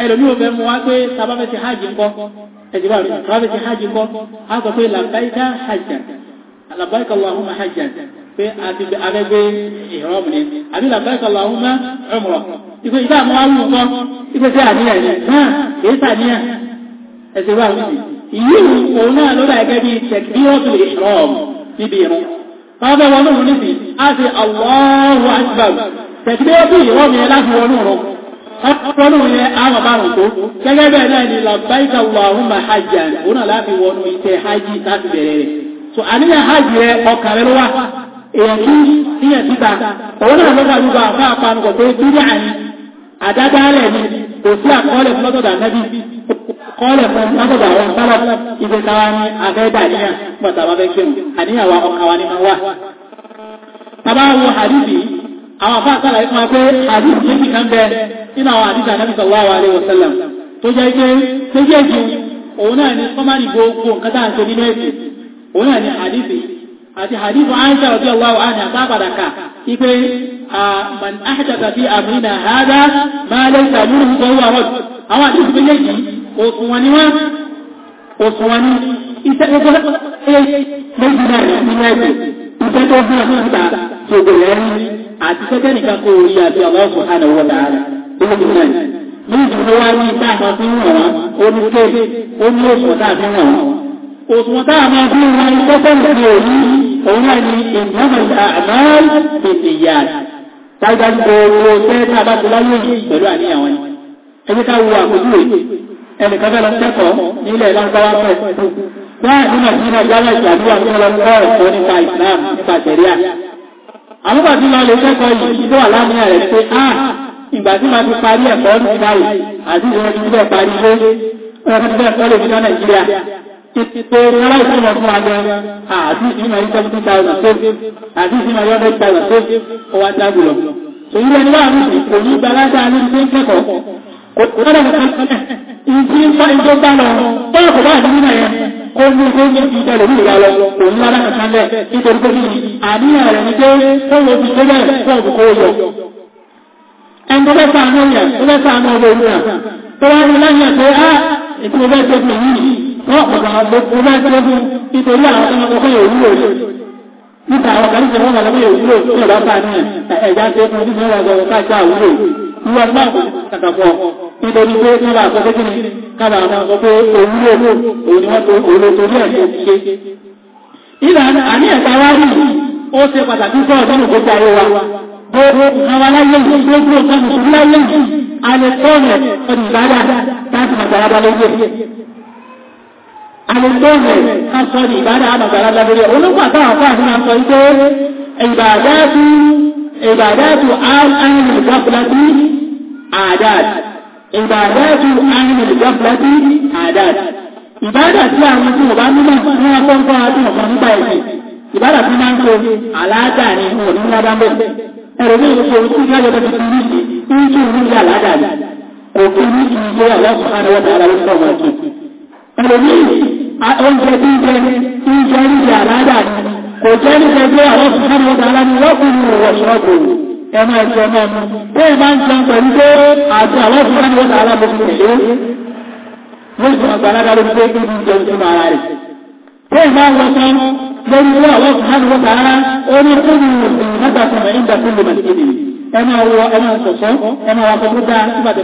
ẹlòmí ò fẹ́ mú wá pé tàbá fẹ́ ti hajj ńkọ́ ẹ̀jìbá rẹ̀ tàbá fẹ́ ti hajj ńkọ́ a sọ pé làbáyíká hajjá làbáyíká Allahumma hajjá pé àti abẹ́gbẹ́ ìrọ́mù ni àbí làbáyíká Allahumma umra ìfẹ́ ìdá àwọn arúgbó ńkọ́ ìfẹ́ sí àníyàn yìí náà èyí sàníyàn ẹ̀sìn wà wíjì ìyí òun náà ló dà gẹ́gẹ́ bí tẹ̀kíọ́tù Ọlọ́run yẹn àwọn márùn tó, gẹ́gẹ́ bẹ́ẹ̀ náà ni labbaika Allahumma hajjan, òun náà láti wọnú iṣẹ́ hajj láti bẹ̀rẹ̀ rẹ̀. So, àníyàn hajj rẹ ọkàn rẹ ló wà, èèyàn kí níyàn síta, òun náà lọ́gbà ló bá àfá àpanukọ̀ pé bíbí àní, àdádálẹ̀ ni, kò sí àkọọ́lẹ̀ fún lọ́dọ̀dà nẹ́bí, kọ́ọ̀lẹ̀ fún lọ́dọ̀dà àwọn sábà ìgbékawa ni àfẹ́dà níyàn, pàtàkì àbáfẹ́ kírun, àníyàn wa ọkàn wa ni máa wà. Tabáwo hadithi àwọn àfáà sàlàyé fún wa pé àdìsí méjì kan bẹ nínú àwọn àdìsí ànábì sallallahu alaihi wasallam tó jẹ́ pé méjèèjì òun náà ni kọ́mánì gbogbo nǹkan tá à ń ṣe nínú ẹ̀sìn òun náà ni àdìsí àti àdìsí Aisha radiyallahu anha àtàbàdà kà ipe man ahdatha fi amrina hadha ma laysa minhu fa huwa radd àwọn àdìsí méjèèjì òṣùwọ̀n ni wọ́n òṣùwọ̀n ni iṣẹ́ gbogbo méjì náà nínú ẹ̀sìn iṣẹ́ tó fún ọ̀sán ìta ṣògbè lẹ́yìn àti kẹ́kẹ́ nìkan kó orí àti Allah subhanahu wa ta'ala lórí náà ní ìdúró wá ní ìta àwọn fi ń ràn wá ó ní kéde ó ní òṣùwọ̀n tá a fi ń ràn wá òṣùwọ̀n tá a máa fi ń ràn ní kọ́kọ́ lórí òní òun náà ni innamal a'malu binniyat tágbà gbogbo tẹ́ tá a bá ti láyé yìí pẹ̀lú àníyàn wọn ẹni ká wo àpòjúwe ẹnìkan fẹ́ lọ kẹ́kọ̀ọ́ nílẹ̀ lágbáwá pẹ̀lú wọ́n àti nàìjíríà gbáwà ìgbàlúwà ń lọ kọ́ ẹ̀kọ́ nípa ìsìlámù nípa tẹ̀ríà àlọ́bà tí máa lè kẹ́kọ̀ọ́ yìí tó wà lámìnà rẹ̀ pé á ah, ìgbà tí máa fi parí ẹ̀kọ́ ní báyìí àti ìwọ̀n tí bẹ́ẹ̀ parí lé ọ̀rọ̀ bẹ́ẹ̀ kọ́ lè fi ná Nàìjíríà Ìpètè ìrọ̀lá ìfúnmọ̀ fún àjọ àti ìsinmi ayé 70,000 tó àti ìsinmi ayé 100,000 tó ọwá tágùlọ̀. Èyí lẹ́ni wà ní kò ní gbalájá ní ilé ìkẹ́kọ̀ọ́. Kò tọ́lọ̀ ìjọba lọ, tọ́lọ̀ kò bá àdúgbò náà yẹn kó ní oúnjẹ ti tẹ̀lé ní ìyá lọ kò ní ara lẹ̀ nítorí pé kí àníyàn rẹ̀ ni pé kọ́wọ́ ti tó bẹ́ẹ̀ fún òkúkọ́ yọ. ẹni tó lẹ́sà àánú yẹn tó lẹ́sà àánú ọmọ òun yẹn tó wá ní lẹ́yìn pé á ètò ọbẹ̀ tó tó fún nítorí àwọn ọmọ ọkọ̀ yóò wúlò níta àwọn kan ní ẹ̀já nítorí pé nígbà àkọ́kọ́ kí ni kábà máa sọ pé òwúrò òun ni wọ́n tó òwúrò torí ẹ̀ tó ṣe ìlà àní ẹ̀ta wá rí ó ṣe pàtàkì fún ọ̀dọ́ ìgbésí ayé wa gbogbo àwọn aláyé gbogbo nǹkan ìṣòro láyé alẹ́kọ́ọ̀nẹ̀ ọdún ìbára láti màgbàlábá lórí ẹ̀ alẹ́kọ́ọ̀nẹ̀ kásọ̀ ní ìbára màgbàlábá lórí ẹ̀ olóògbà táwọn fún àti máa sọ wípé ìbàdàtù ìbàdàtù àrùn àrùn ìgbàkúlá sí àdáàdì ìbàdàtù ánìmọ̀lì gọ́fìlẹ́tì àdáàdà ìbádà tí àwọn tí wọ́n bá nímọ̀ ní akọ́kọ́ àti ọ̀kan nípa ẹ̀sìn ìbádà tí máa ń kó àládà ní òní lábámbẹ̀ ẹ̀rọ ní ìlú orí tí ìdájọ́ ti fi níṣì ń tún ní ilé àládà ní kò kí ní ìgbé ọlọ́pàá àrẹwọ́ tààrà ló sọ̀rọ̀ ọ̀tún ẹ̀rọ ní oúnjẹ tí ń jẹ ń jẹ ní ìjà àládà ní kò jẹ́ ní ìjẹ́ ọlọ́pàá àrẹwọ́ tààrà ní wọ́pù ní ìwọ̀ṣọ́gbòrò ẹnu ẹ̀jẹ̀ náà bẹ́ẹ̀ máa ń jẹun pẹ̀lú pé àti àwọn òṣìṣẹ́ ni wọ́n ta alábòsí pẹ̀lú wọ́n sì ọ̀gbà alága ló pé kí ní jẹun sínú ara rẹ̀ bẹ́ẹ̀ máa ń wọ́sán lórí pé àwọn òṣìṣẹ́ ni wọ́n ta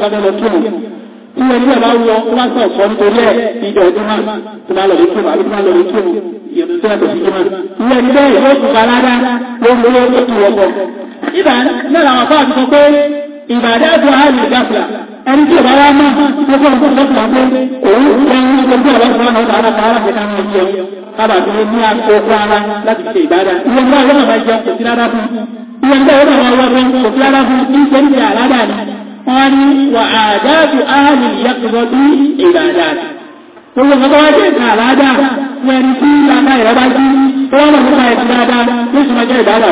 ara ó ní Iye ní ẹ̀bá wọ tó bá sọ ọ̀fọ́ nítorí ẹ̀ ìjọ ọjọ́ máa tó bá lọ̀rí kí àbí tó bá lọ̀rí kí ìyẹ̀mí tó yàtọ̀ sí jọmọ́. Iye ní bẹ́ẹ̀ yóò tún bá lára lórí owó tó tún wọ́pọ̀. Ibà náà làwọn afọ́ àti sọ pé ìbàdí àjọ àlè ìgbàfà ẹni tí ìbá wá máa tó kọ́ ọ̀pọ̀ lọ́pọ̀ àpé òun ẹni ní gbogbo àwọn ọ̀sán náà tààrà tààrà fẹ́ káwọn ọmọ ìjẹun kábà tó ní àkókò ara láti ṣe ìbádà. Iye ní àwọn ọmọ ìjẹun kò sí rárá fún. Iye ní àwọn ọmọ ìjẹun kò sí rárá fún ní ìṣẹ́ wọ́n ní wà àdáàbì áàlì yàtọ̀bọ̀dú ìdàdà gbogbo ọ̀gbọ́n wá jẹ́ ìta àládà fún ẹni tí lábá ìrọ́bá jí tó wọ́n mọ̀ nípa ẹ̀sìn dáadáa ló sì máa jẹ́ ìdàdà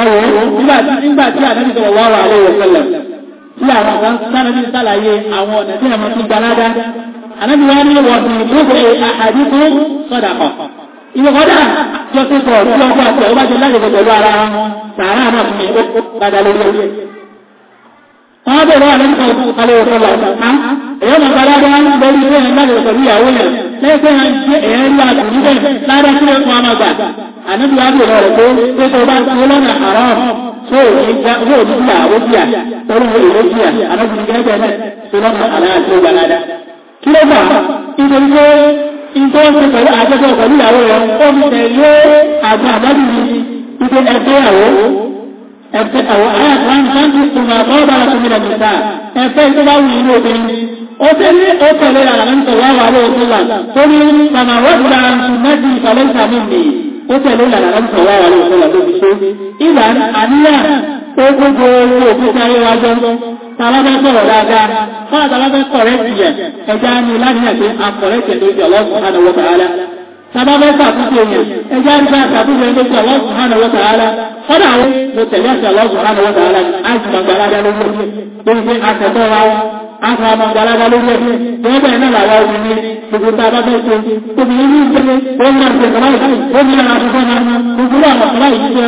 ẹ̀wọ̀ nígbà tí àdábì sọ̀rọ̀ wà wà lọ́wọ́ sọ̀lọ̀ tí àwọn kan sáré sálàyé àwọn ọ̀nà tí àwọn ti gbalada ànábì wá ní wọ̀sùn ìgbókè àdínkù sọ̀dàkọ̀ ìwọ̀kọ́dà wọ́n bẹ̀rẹ̀ wà lẹ́nu ọdún alẹ́ ọ̀sán làtà ẹ̀yọ́ màá bàbá bá ń bọ́ ilé ẹ̀ láti ọ̀sán ìyàwó yẹn lẹ́gbẹ́ ẹ̀ ń jẹ́ ẹ̀ẹ́ rí àgbà níbẹ̀ lára sí ẹ̀kọ́ àmàgbà àníbi wá bẹ̀rẹ̀ rẹ̀ pé pé tó bá ń tó lọ́nà àárọ̀ tó yóò ní ìyá ó bíà lórí èrè bíà ànábi ní gẹ́gẹ́ rẹ̀ tó lọ́nà àlàáfíà ó gbanáda. kí ló fà nítorí pé ìjọ ń ṣe pẹ̀lú àjọṣe pẹ̀lú ìyàwó rẹ̀ ó fi tẹ̀lé àgbà àbábìnrin nítorí ẹgbẹ́ ìyàwó ẹ̀fẹ́tàwọ̀ ẹ̀fẹ́ sáńtì kùnà bọ́ọ̀bà àtúnmílẹ̀ nìta ẹ̀fẹ́ tó bá wù inú obìnrin ó tẹ́ ní ó tẹ̀lé àràmẹ́ntọ̀ wà wà lóò tó wà tó ní màmá wọ́pùdà àtúnmẹ́jì ìfàlẹ́ ìsàmì mi ó tẹ̀lé àràmẹ́ntọ̀ wà wà lóò tó wà lóbi tó ìlà àníyàn tó gbogbo owó òkúta ayé wa jọ tàbá sọ̀rọ̀ dáadáa fáwọn tàbá fẹ́ kọ̀rẹ́tì yẹ ẹja ní láníyàn pé a kọ̀rẹ́tì ẹ̀ lórí ọlọ́run subhanahu wa ta'ala tàbá fẹ́ sàkúnṣe yẹn ẹja ní bá sàkúnṣe lórí ọlọ́run subhanahu wa ta'ala sọ́dọ̀ àwọn mo tẹ̀lé àti àlọ́sùn láti wọ́n tààrà ní àìsìmọ̀gbàládá lórí ẹ̀ lórí pé àtẹ̀tọ́ ra wọn àfọmọ̀gbàládá lórí ẹ̀ wọ́n bẹ̀rẹ̀ náà làwọn obìnrin gbogbo tá a bá bẹ́ẹ̀ tó obìnrin ní ìpele ó ń gbàgbé kọ́lá yìí ó ní ara tó fọ́nà gbogbo àwọn kọ́lá yìí tó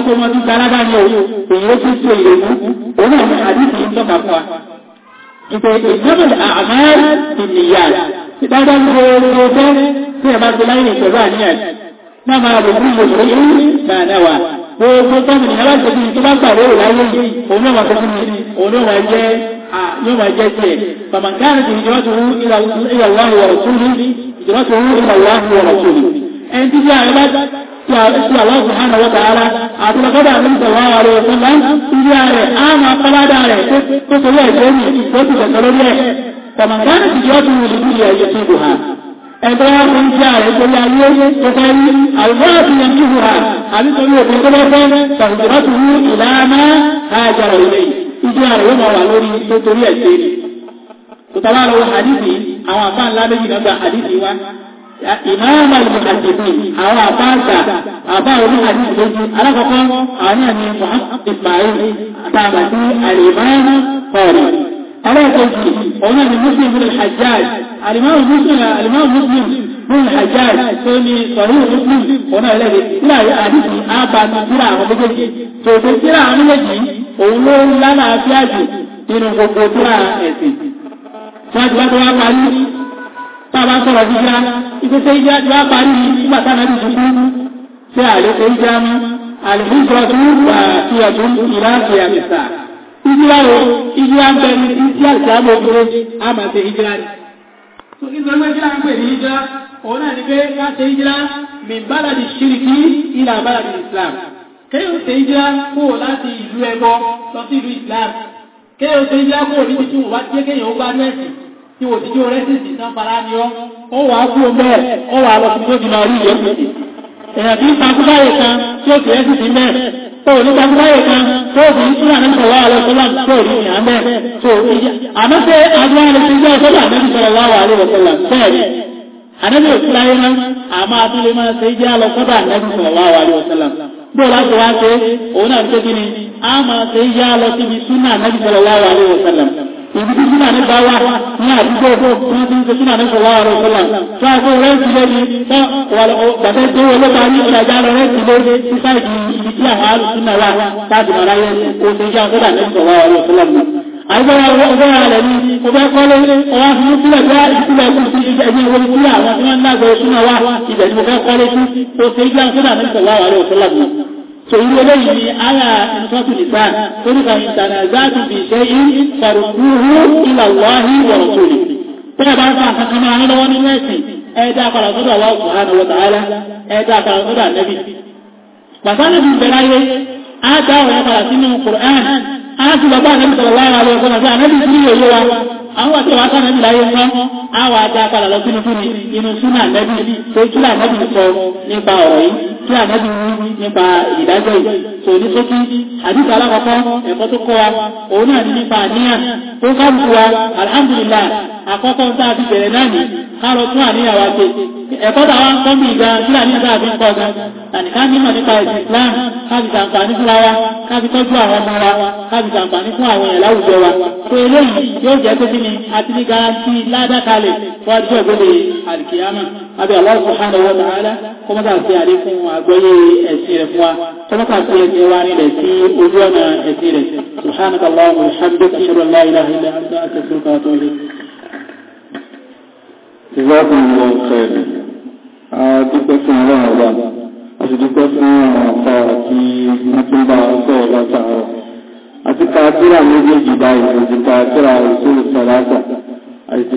yẹ kó wọn gbogbo tẹ́mì ní aláṣẹ́bí tó bá gbà lórí láyé yìí òun náà wàá tẹ́kùn ni, òun náà wàá jẹ́ yóò máa jẹ́ tiẹ̀ bàmàkánì tí ìjọba tó rú ìlàwọ́ àwọ̀rọ̀ tó ní ìjọba tó rú ìlàwọ́ àwọ̀rọ̀ tó ní ẹni tí àwọn bá tí àwọn Subhanahu wa ta'ala àti lọ́gọ́dà àmìsọ̀ wà wà lọ́wọ́ fún láì ilé ààrẹ àmà páládà rẹ̀ tó torí ẹ̀jẹ̀ ní ìfọ́sùn ẹgbẹ́ ọkùnrin tí ààrẹ gbogbo ayé tó fẹ́ rí àlùbọ́lá ti yàn kíhù ha àbí tó ní òkun tó bá fẹ́ sàrùjọba tó ní ìlànà àjàrà ilé ìjọ ààrẹ yóò máa wà lórí tó torí ẹ̀ tòtàwá lọ hadithi àwọn àbá ńlá méjì náà gba hadithi wa ìmáàmù àlùmọ̀kàtìbì àwọn àbá àgbà àbá orí hadithi lójú alákọ̀ọ́kọ́ àwọn ní ẹlẹ́ẹ̀kejì òun ni muslim bin hajjaj alimamu muslim alimamu muslim bin hajjaj tó ní sọ̀rọ̀ muslim òun ẹlẹ́ẹ̀kejì tíra àdìsí àbàtì tíra àwọn méjèèjì tó tó tíra àwọn méjèèjì òun ló ń lánà àfíàjù nínú gbogbo tíra ẹ̀sìn wọ́n ti wá tó wá parí tábà sọ̀rọ̀ jíjá ìgbésẹ̀ ìjá ti wá parí nígbà táwọn ẹni ti kú sí àlékò ìjá mú àlùfíìsọ̀tún wà fíyàtún ìlàáfíà mẹ́ta ìjìlá rẹ̀ ìjìlá ń bẹ̀rẹ̀ ìjìlá ìjìlámọ̀ obìnrin a máa ṣe ìjìlá rẹ̀. tó kí sọ pé ìjìlá ń pè ní ìjìlá òun náà ni pé ká ṣe ìjìlá min baladi ṣiriki ila baladi islam kéèyàn ṣe ìjìlá kó láti ìlú ẹgbọ́ lọ sí ìlú islam kéèyàn ṣe ìjìlá kó ní títí wọn bá jẹ́ kéèyàn ó bá nẹ́ẹ̀sì tí wò tíjú rẹ̀ sì sì sán fara ni ọ́ ó wà á kú bẹ́ẹ̀ ó wà á lọ sí tó tó onígbàgbáyé kan tó fi ń tún àmì sọ̀rọ̀ àlọ́ tó láti tó rí ìyá mẹ́ tó ìyá àmọ́ pé àjọ àlọ́ ti jẹ́ ọ̀sọ́dọ̀ àmì sọ̀rọ̀ láwà àlọ́ ọ̀sọ̀lá bẹ́ẹ̀ni àdébí òkúláyé náà àmọ́ abúlé máa ṣe jẹ́ àlọ́sọ́dọ̀ àmì sọ̀rọ̀ láwà àlọ́ ọ̀sọ̀lá bó láti wá ṣe òun náà ń tó kí ni a máa ṣe jẹ́ àlọ́ síbi súnà àmì sọ̀rọ̀ láwà àlọ́ ọ̀sọ̀lá ibi tí sínà ní bá wà ní àdúgbò fún ti ń ṣe sínà ní sọ̀wọ́ àrò sọ́là tó àgbò rẹ́ǹtì lé ní bàtẹ́ tó olóba ní ìrajà lọ rẹ́ǹtì lé ní sáìdì ibi tí àwọn alùsùnà wà láti mọ̀ láyé ó ti ń ṣe àkọ́dà ní sọ̀wọ́ àrò sọ́là àìgbọ́ra ọgbọ́ra rẹ̀ ní ọgbẹ́ kọ́lé ọwá fún sílẹ̀ bá ìsílẹ̀ kú sí ẹgbẹ́ ìwọ̀n sílẹ̀ àwọn tí wọ́n ń lágbẹ̀ẹ́ sòwúrú eléyìí ni àyà ìsọ́tù nìkan oníkà ìtànà záàtù bí ṣe yí farukúhú ìlàláhí wọ̀rọ̀kúrì tẹ́ẹ̀ bá ń fa kankan máa ń lọ́wọ́ nínú ẹ̀sìn ẹ̀dá àpàrà sọ́dọ̀ àwọn ọkùnrin àwọn tààlà ẹ̀dá àpàrà sọ́dọ̀ àwọn àti ìwà sára níláyé wọn àwọn àti apàdà lọ sínú fún inú súnà lẹ́bí tó kí àmọ́bì sọ nípa ọ̀rọ̀ yìí kí àmọ́bì wí nípa ìdájọ́ yìí tò ní sókí àdíkà alákọ̀ọ́kọ́ ẹ̀kọ́ tó kọ́ wa òun náà ní nípa àníyàn tó kálùkù wa alhamdulillah àkọ́kọ́ tá a ti bẹ̀rẹ̀ náà ní kárọ tún àníyàn wa ṣe ẹ̀kọ́ tá wa ń kọ́ bí ìgbà sílà ní ìgbà àfi ń kọ́ gan tàníká nímọ̀ nípa ẹ̀sìn Islam kábi sàǹfààní fúnra wa kábi tọ́jú àwọn ọmọ wa kábi sàǹfààní fún àwọn ẹ̀yà láwùjọ wa pé eléyìí yóò jẹ́ pé kí ni àti ní garanti ládàkalẹ̀ wájú ọ̀gbọ́n lè àlìkìyámà abẹ Allah subhanahu wa ta'ala kọmọ tà sí àlékún àgbọ́yé ẹ̀sìn rẹ̀ fún wa kọmọ tà sí ẹ̀sìn wa nílẹ̀ sí ojú ọ̀nà ẹ̀sìn rẹ̀ subhanaka Allahumma wa bihamdika ashhadu an la ilaha illa anta astaghfiruka wa atubu ilayk ìlọ́kùn lọ fẹ̀rẹ̀ àdúgbẹ́ fún ọlọ́run ọba àti dúpẹ́ fún àwọn tíra méjèèjì báyìí àti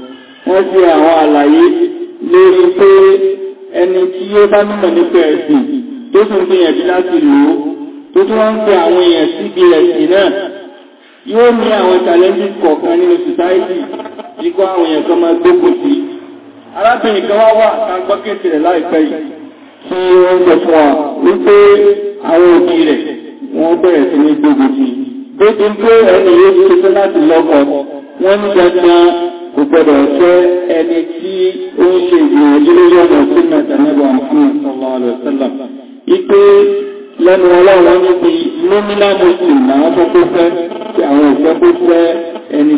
wọ́n ṣe àwọn àlàyé lórí pé ẹni tí ó bá nímọ̀ nípa ẹ̀sìn tó tún gbìyànjú láti lò ó tó tún wọ́n ń pe àwọn èèyàn síbi ẹ̀sìn náà yóò ní àwọn challenges kọ̀ọ̀kan nínú society ikọ́ àwọn èèyàn kan máa gbógun sí arábìnrin kan wá wà ká gbọ́ kéèkì rẹ̀ láìpẹ́ yìí tí wọ́n sọ fún wa wípé àwọn òbí rẹ̀ wọ́n bẹ̀rẹ̀ sí ní gbógun sí gbé tí pé ẹni yóò ṣe láti lọ́kọ̀ọ́ wọ́n ń gbẹ̀gbẹ̀ kò gbọdọ̀ fẹ́ ẹni tí ó ń ṣe ìgbìyànjú lórí ọ̀nà sí mẹ́tàlẹ́bọ̀ Muhammad sallallahu alaihi wasallam ipé lẹ́nu ọlọ́run níbi nómìnà muslim náà tó kó fẹ́ tí àwọn ìfẹ́ kó fẹ́ ẹni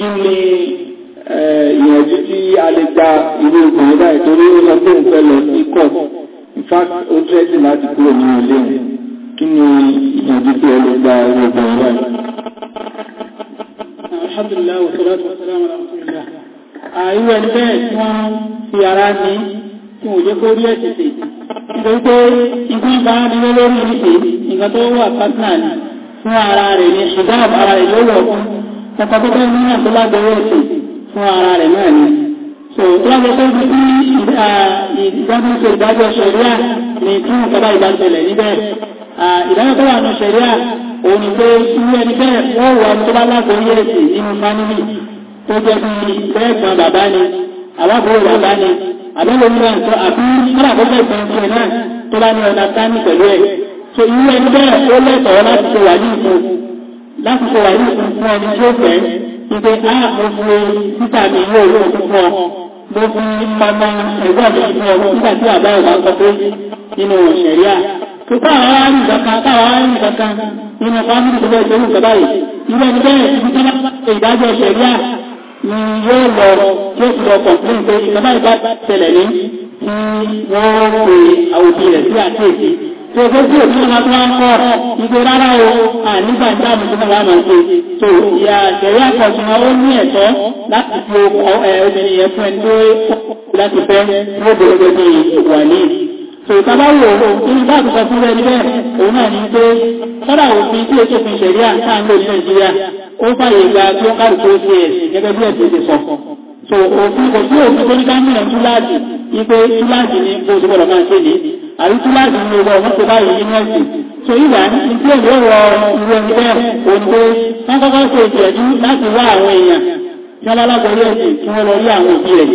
kí ni ìyànjú tí a lè gba ìlú ìgbòho báyìí torí ó sọ pé òun fẹ́ lọ sí kọ̀ in fact ó tẹ́sí láti kúrò ní ilé rẹ̀ kí ni ìyànjú tí ẹ lè gba ìlú ìgbòho báyìí. alhamdulillah wa salatu wa salam ala rasulillah àìwẹ̀ bẹ́ẹ̀ tí wọ́n fi ara ní tí wọ́n jẹ́ kó rí ẹ̀ tètè nítorí pé ikú ìbáraẹni lórí ìrìṣẹ́ nǹkan tó wà pátánà fún ara rẹ̀ ní ṣùgbọ́n ara ẹ̀kọ́ tó bẹ́ẹ̀ ní ẹ̀kọ́ lágbẹ̀rẹ̀ ẹ̀sìn fún ara rẹ̀ náà ni so tó lágbẹ̀ tó bí i ìdájọ́ ṣe ìdájọ́ ṣẹ̀ríà ni tí wọ́n kọ́bá ìbáṣẹlẹ̀ níbẹ̀ ìdájọ́ tó wà ní ṣẹ̀ríà òun ni pé irú ẹni bẹ́ẹ̀ wọ́n wà tó bá lágbẹ̀rẹ̀ ẹ̀sìn nínú fámìlì tó jẹ́ bí bẹ́ẹ̀gbọ́n bàbá ni aláàbò bàbá ni àbẹ́wò mìíràn tó àbí alábọ́jẹ́ ìpínlẹ̀ náà tó bá ní ọ̀nà tání pẹ̀lú ẹ̀ so irú ẹni bẹ́ẹ̀ ó lẹ́tọ̀ọ́ láti ṣe wà ní ìfún láti sọ wà nínú fún ẹni tí ó fẹ́ wípé a ah, mo fi títà mi ilé ìwé òkú fún ọ mo fi mama ẹ̀gbọ́n mi fún ọ nígbà tí àbá ìwà sọ pé nínú ọ̀ṣẹ̀ríà tó káwọn ará rìn kankan káwọn ará rìn kankan nínú fámìlì tó bẹ́ẹ̀ tẹ́lú ìjọba yìí Tòkó tí òfin ọmọ tó ń kọ́ ìgbé rárá o, àníbà ń dáàmù tó wà máa ṣe. Tò ìyà ṣẹ̀rí àkọ̀ṣùnà ó ní ẹ̀tọ́ láti fi obìnrin yẹn fún ẹni tó láti fẹ́ lóde gbogbo ìwà ní. Tò ìtàbáwò òun bá àtúnṣe fún ẹni bẹ́ẹ̀, òun náà ní pé kọ́dà òfin tí ó tó fi ṣẹ̀rí àǹtà ń lò ní Nàìjíríà, ó so òfin kò sí òfin tó ní ká mìíràn túláàjì ní pé túláàjì ní àyíkú láti ní ọgbà ọmọkò báyìí nínú ẹ̀sìn tó ìgbà ní ilé ìwé wọ ìwé ẹni òǹdó wọ́n kọ́kọ́ ṣe ìtẹ̀jú láti wá àwọn èèyàn tí wọ́n lálágbọ́rí ẹ̀sìn kí wọ́n lọ rí àwọn òbí rẹ̀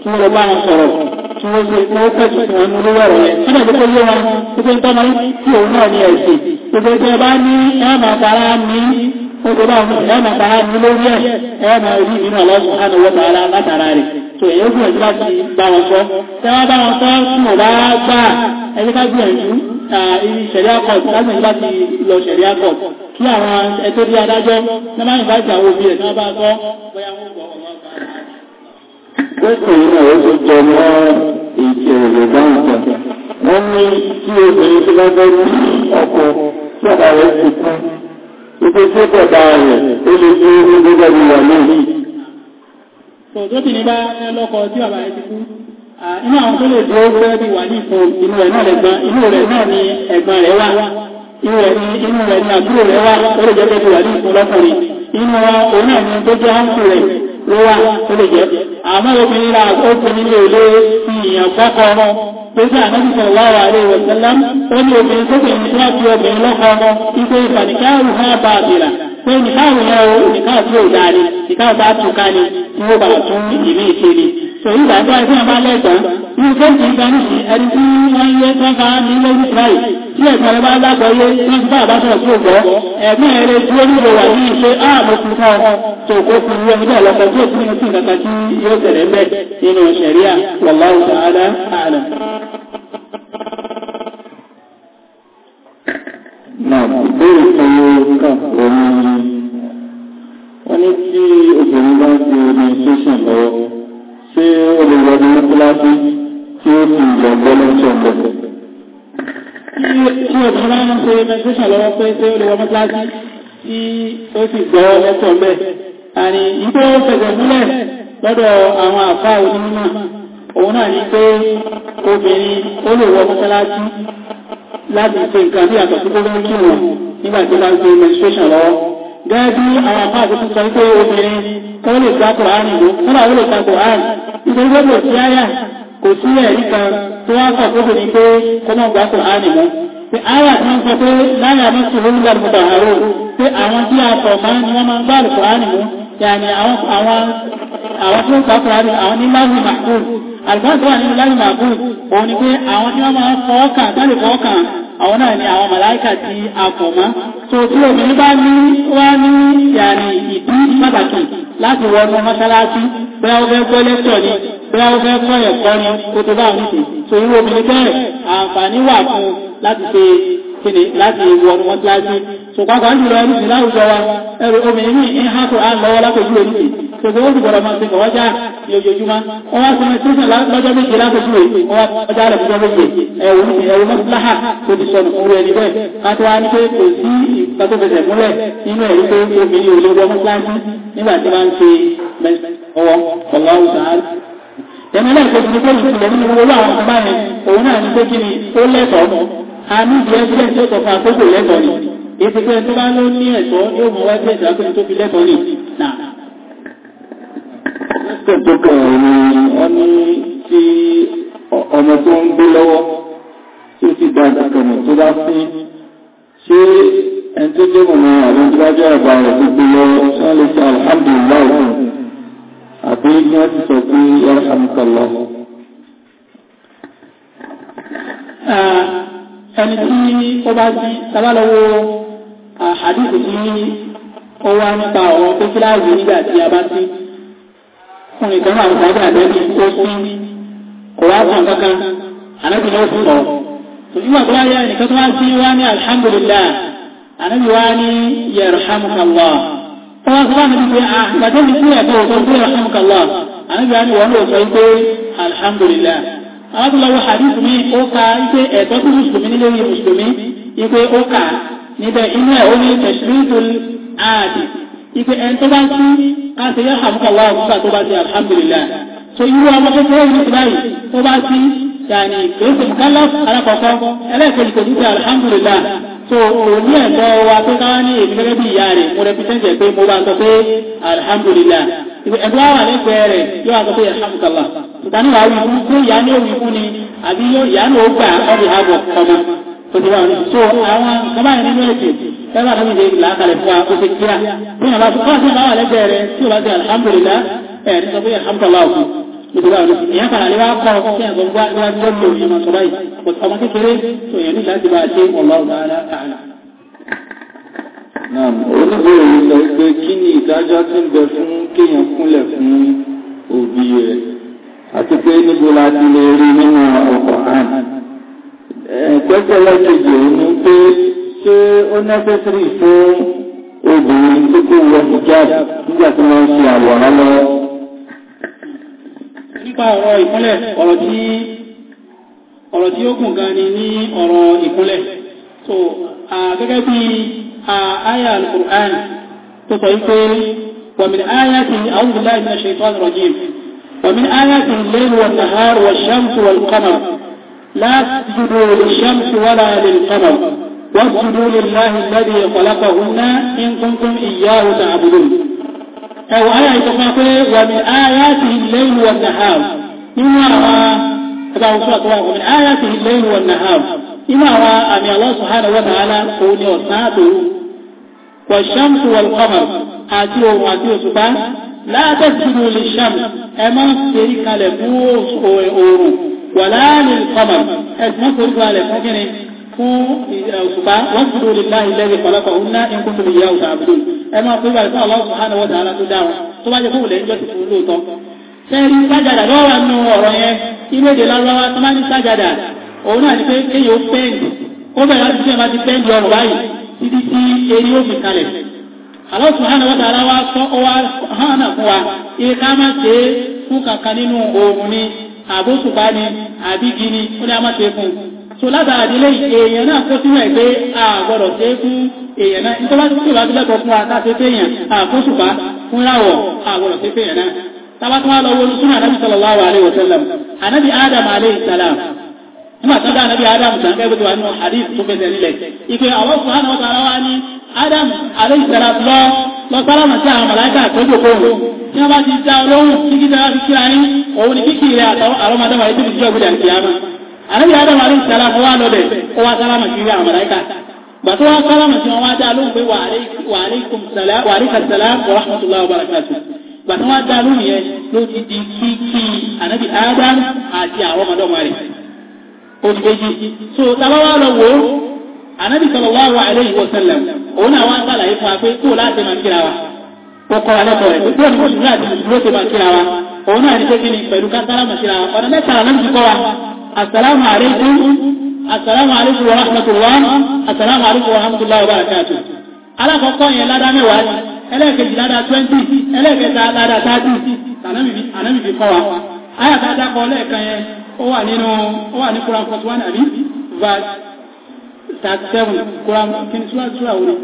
kí wọ́n lọ bá wọn sọ̀rọ̀ kí wọ́n ṣe kí pẹ̀sù sí wọn lórí ọ̀rọ̀ yẹn kí wọ́n tó yé wọn tó tó ń tọ́ Allah Subhanahu nítorí àwọn ẹ̀mà tàà ní lórí ẹ̀ ẹ̀mà orí inú ọlọ́sùn hánà wọ́n tàà látara rẹ̀ tó èyí fún ẹ̀jú láti bá wọn sọ tẹ́ wọ́n bá wọn sọ fún ọ̀bá gbà ẹni ká gbìyànjú ibi ṣẹ̀ríà court lágbìyànjú láti lọ ṣẹ̀ríà court kí àwọn ẹ̀tọ́ bí adájọ́ náà máa ń bá ìjà òbí ẹ̀ tí wọ́n bá sọ bóyá wọ́n gbọ́ ọ̀rọ̀ bá wọ́n ní kí obìnrin tó bá bẹ́ ní ọkọ̀ tí ọ̀bá rẹ̀ ti kún Ipe tí ó pẹ̀dá rẹ̀ ó lè tí ó ní gbogbo ẹni wà ní yìí. Tòótọ́bì ní bá lọ́kọ tí bàbá rẹ̀ ti kú. Inú àwọn tó lè dúró fẹ́ bí wà ní ìfò inú rẹ̀ náà lẹ́gbọ́n, inú rẹ̀ náà ni ẹ̀gbọ́n rẹ̀ wà. Inú rẹ̀ ni inú rẹ̀ ni àbúrò rẹ̀ wà, ó lè jẹ́ pé ti wà ní ìfò lọ́kùnrin. Inú wa òun náà ni tó jẹ́ áńkù rẹ̀ ló wà, ó lè jẹ́. Àmọ́ obìnrin ra obìnrin lè lé ìyàn kọ́kọ́ ọmọ Pẹ̀sẹ̀ àdájúkọ̀ láwà rẹ̀ wọ̀sánlá, ó ní obìnrin tó bẹ̀rẹ̀ tí wá ju obìnrin lọ́kọ̀ọ́mọ́, ipé ìfàníkà rù ha bá bèèrà pé nìkan àwọn ọ̀rọ̀ ọ̀rọ̀ nìkan àti òdà ni nìkan àti àtúnká ni tí wọ́n bá tún ìlú ìṣe ni. Sòrí ìgbà tó ẹgbẹ́ ọba lẹ́gbọ̀n ní ìfẹ́ǹtì ìgbà nìyí ẹni tí wọ́n yẹ tó ń fa ní lórí ìsirayì tí ẹ̀sìn ọ̀rẹ́ bá lágbọ́ yé wọ́n ti bá àbá sọ̀rọ̀ tí ò gbọ́ ẹ̀gbọ́n ẹ̀rẹ́ tí ó nílò wà ní ìṣe ààbò fún tó kó fún ilé ọjọ́ ọlọ́pàá tí fún ní sí nǹkan tí yóò tẹ̀lé mẹ́ nínú ṣẹ̀ríà wallahu ta'ala a'lam. station lọ́wọ́ ṣé ó lè lọ kíláàsì tí ó ti lọ bọ́lá tí ó ń bọ̀. tí ọ̀tún máa ń ṣe menstruation lọ́wọ́ pé ṣé ó lè wọ́n kíláàsì tí ó ti gbọ́ lẹ́tọ̀ ń bẹ̀. àní ìgbé fẹ̀sẹ̀ múlẹ̀ lọ́dọ̀ àwọn àfa onímọ̀ òun náà ní pé obìnrin ó lè wọ mọ́sálásí láti ṣe nǹkan bí àtọ̀ tó kó nígbà tí ó bá ń ṣe menstruation lọ́wọ́. gẹ́gẹ́ bí wọ́n lè ka Kùránì ló wọ́n àwọn lè ka Kùránì nítorí pé kò sí àyà kò sí ẹ̀rí kan tó wá kọ̀ tó ní pé kọ́mọ̀ gba Kùránì mọ́ pé àyà tí wọ́n sọ pé láyà ní sùúrù ń gbàlù mọ́tà àárò pé àwọn tí a sọ máa ni wọ́n máa ń gbàlù Kùránì mú yàní àwọn àwọn tí ó gba Kùránì àwọn ní láwùí màkúù àlùbáàtì wà nínú láwùí màkúù òun ni pé àwọn tí wọ́n máa fọ́ kàn tálè fọ́ àwọn náà ni àwọn màláìkà tí a kọ̀ mọ́ tó tí obìnrin bá ní wá ní yàní ìdí pàtàkì láti wọnú mọ́sálásí bẹ́ẹ̀ ó fẹ́ gbọ́ lẹ́tọ̀ ni bẹ́ẹ̀ ó kọ́ ẹ̀kọ́ ni kó tó bá ń ṣe tó irú obìnrin bẹ́ẹ̀ àǹfààní wà fún láti ṣe kíni láti wọnú wọn kíláàsì ṣùgbọ́n kan jùlọ ẹrù sí láwùjọ wa ẹrù obìnrin ní ìhàkùn á lọ́wọ́ látòjú òní ṣùgbọ́n ó sì gbọ́dọ̀ máa ṣe kọ̀wọ́já ní ojoojúmọ́ wọ́n wá sí mẹ́tírísàn lọ́jọ́ méje látòjú òní wọ́n wá kọjá rẹ̀ lọ́jọ́ méje ẹ̀rù ẹ̀rù mọ́síláhà tó ti sọnù fún ẹni bẹ́ẹ̀ káàtó wá ní pé kò sí ìgbà tó fẹsẹ̀ múlẹ̀ nínú ẹ̀rí pé obìnrin ò lè wọ mọ́síláhà nígbà tí wọ́n ń ṣe ọwọ́ ọ̀gáwù sàárì ẹ̀mẹ́lẹ́ ìkọ̀ọ̀tún ní a ní ìdí ẹgbẹ́ tí ó sọ fún akókò lẹ́tọ̀ọ́ ni èsì pé tó bá ló ní ẹ̀tọ́ yóò mọ wájú ẹ̀tọ́ akókò tó fi lẹ́tọ̀ọ́ ni náà. ẹ̀sẹ̀ tó kàn ní wọ́n ní tí ọmọ tó ń gbé lọ́wọ́ tí ó ti gba ìdàkọ̀nà tó bá fún ṣé ẹni tó jẹ́ mọ̀mọ́ àwọn tó bá jẹ́ àgbà rẹ̀ tó gbé lọ́wọ́ tí lè ṣe alhamdulilayi àbí ní wọ́n ti sọ pé yàrá ẹni tí ó bá jí tabalọ́wọ́ àdìsí tí ó wá nípa ọ̀rọ̀ tó kíláàsì nígbà tí a bá sí fún ìtọ́nà àwùjáde àbẹ́bí ó sí kò wá sàn kankan ànábì ló fún ọ. Ìgbà tó wáyé ẹnìkan tó wá sí wá ní alhamdulillah ànábì wá ní yarhamukallah arábìnrin hadith mi ó ka ipe ẹ̀tọ́ sí mùsùlùmí nílé ní mùsùlùmí ipe ó kà níbẹ̀ inú ẹ̀ ó ní tashridul aadi ipe ẹni tó bá ń tún káṣe yá hàmúkà wà tó bá ti alhamdulillah so irú ọmọ kékeré yìí ti báyìí tó bá ti yàní kéèsì kálá alákọ̀ọ́kọ́ ẹlẹ́ẹ̀kejì kò ní ti alhamdulillah so òní ẹ̀tọ́ wa tó káwá ní èmi gẹ́gẹ́ bí ìyá rẹ̀ mo rẹpítẹ́ǹtì ẹ̀ pé mo bá sọ pé alhamdulillah ẹ̀dọ́ àwọn àlẹ́gbẹ̀ẹ́ rẹ̀ yóò sùtánù wà wí fún tó ìyá ní òwì fún ni àbí ìyá ní ó gbà ọbì àbọ̀ ọmọ tó ti wà ní so àwọn kọ́bá yẹn nínú èdè ẹgbẹ́ àtọ́bí ṣe làákàlẹ̀ fún wa ó ṣe kíra tí wọn bá tó kọ́ọ̀tì bá wà lẹ́gbẹ̀ẹ́ rẹ tí o bá ti alhamdulillah ẹ̀ ní sọ pé alhamdulillah ọ̀gbìn ìgbà òní ìyá kan àlewà kọ́ kí ẹ̀gbọ́n gbá gbá gbọ́ lórí ọmọ tó báyìí ọmọ kékeré tó yẹ ní ìdájọ́ tí ń bẹ àti pé níbo la ti lè rí nínú Al-Qur'an ẹ̀ẹ́dẹ́gbẹ̀lẹ́ kejì òun ni pé ṣé ó nẹ́sẹ̀sìrì fún obìnrin tó kó wọ hijab nígbà tí wọ́n ṣe àwòrán lọ. nípa ọ̀rọ̀ ìkúnlẹ̀ ọ̀rọ̀ tí ọ̀rọ̀ tí ó gùn gan ni ní ọ̀rọ̀ ìkúnlẹ̀ so gẹ́gẹ́ bí àyà Al-Qur'an tó sọ wípé wàmìnà àyà ti àwọn ìlú láì ومن آيات الليل والنهار والشمس والقمر لا تسجدوا للشمس ولا للقمر واسجدوا لله الذي خلقهن إن كنتم إياه تعبدون أو آية تقول ومن آياته الليل والنهار إما ومن آياته الليل والنهار إما أن الله سبحانه وتعالى قولي وصناته والشمس والقمر آتيه وآتيه سبحانه látẹ̀sìnú lè ṣàmì ẹ máa ń fèrí kalẹ̀ fún oòrùn wà láàrin kọmà ẹ̀sùn fèrí kalẹ̀ fún kíni fún òṣùpá wọ́n ti lórí láì lẹ́rìí pọ̀lọpọ̀ òun náà ń kúndùn ìyá òṣà àbúrò ẹ máa fèrí kalẹ̀ fún Allah subhanahu wa ta'ala tó dáwọn tó bá jẹ́ fún Allah subhanahu wa ta'ala wá sọ ọwá hànà fún wa ìka má ṣe fún kankan nínú oòrùn ni àbóṣùpá ni àbígi ni ó ní a má ṣe fún so látara ìdílé èèyàn náà kó sínú ẹ̀ pé a gbọ́dọ̀ ṣe fún èèyàn náà nítorí wá sí ìwádìí lẹ́kọ̀ọ́ fún wa ká ṣe fẹ́yàn àbóṣùpá fún ráwọ̀ a gbọ́dọ̀ ṣe fẹ́yàn náà tabbatun wa lọ́wọ́ suna nabi sallallahu alaihi wasallam anabi adam alaihi salam nígbà tó dá anabi adam tàn kẹ́gbẹ́ tó wà nínú hadith tó fẹsẹ̀ nílẹ̀ ìpè àwọn sùhánà wọ́n tààrà wá ní Adam aleyhisselàtúlọ́ lọ sálàmà sí àwọn màláíkà àtọ́jò kóòrò tí wọ́n bá ti dá olóhùn tí kí dára fi kíra ní òun ni kíkì rẹ̀ àtàwọn àrọ́mọdọ́mà ètò ìjọ ìgbìdà ti yáma. Àlejò Adam aleyhisselàtú wà lọ́dẹ̀ ó wá sálàmà sí àwọn màláíkà. Gbàtí wọ́n sálàmà sí wọn wá dá lóhùn pé wà àríkàsálàm wa rahmatullahi wa barakatuh. Gbàtí wọ́n dá lóhùn yẹn ló ti di kíkì ànábì Adam àti àrọ́mọdọ́mà rẹ̀. Ó ti ànábì sallallahu alayhi wa sallam òun náà wá sàlàyé fún wa pé kó láti máa kíra wa kọ́kọ́ alẹ́kọ̀ọ́ rẹ̀ pé bóòlù mùsùlùmí àti mùsùlùmí ti máa kíra wa òun náà ní kékeré pẹ̀lú ni ẹlẹ́ẹ̀kejì ládá thirty ànábì fi kọ́ wa ayàtà dákọ̀ ọlẹ́ẹ̀kan yẹn ó wà nínú ó wà ní kúrán forty 37 Quran kini sura sura wuri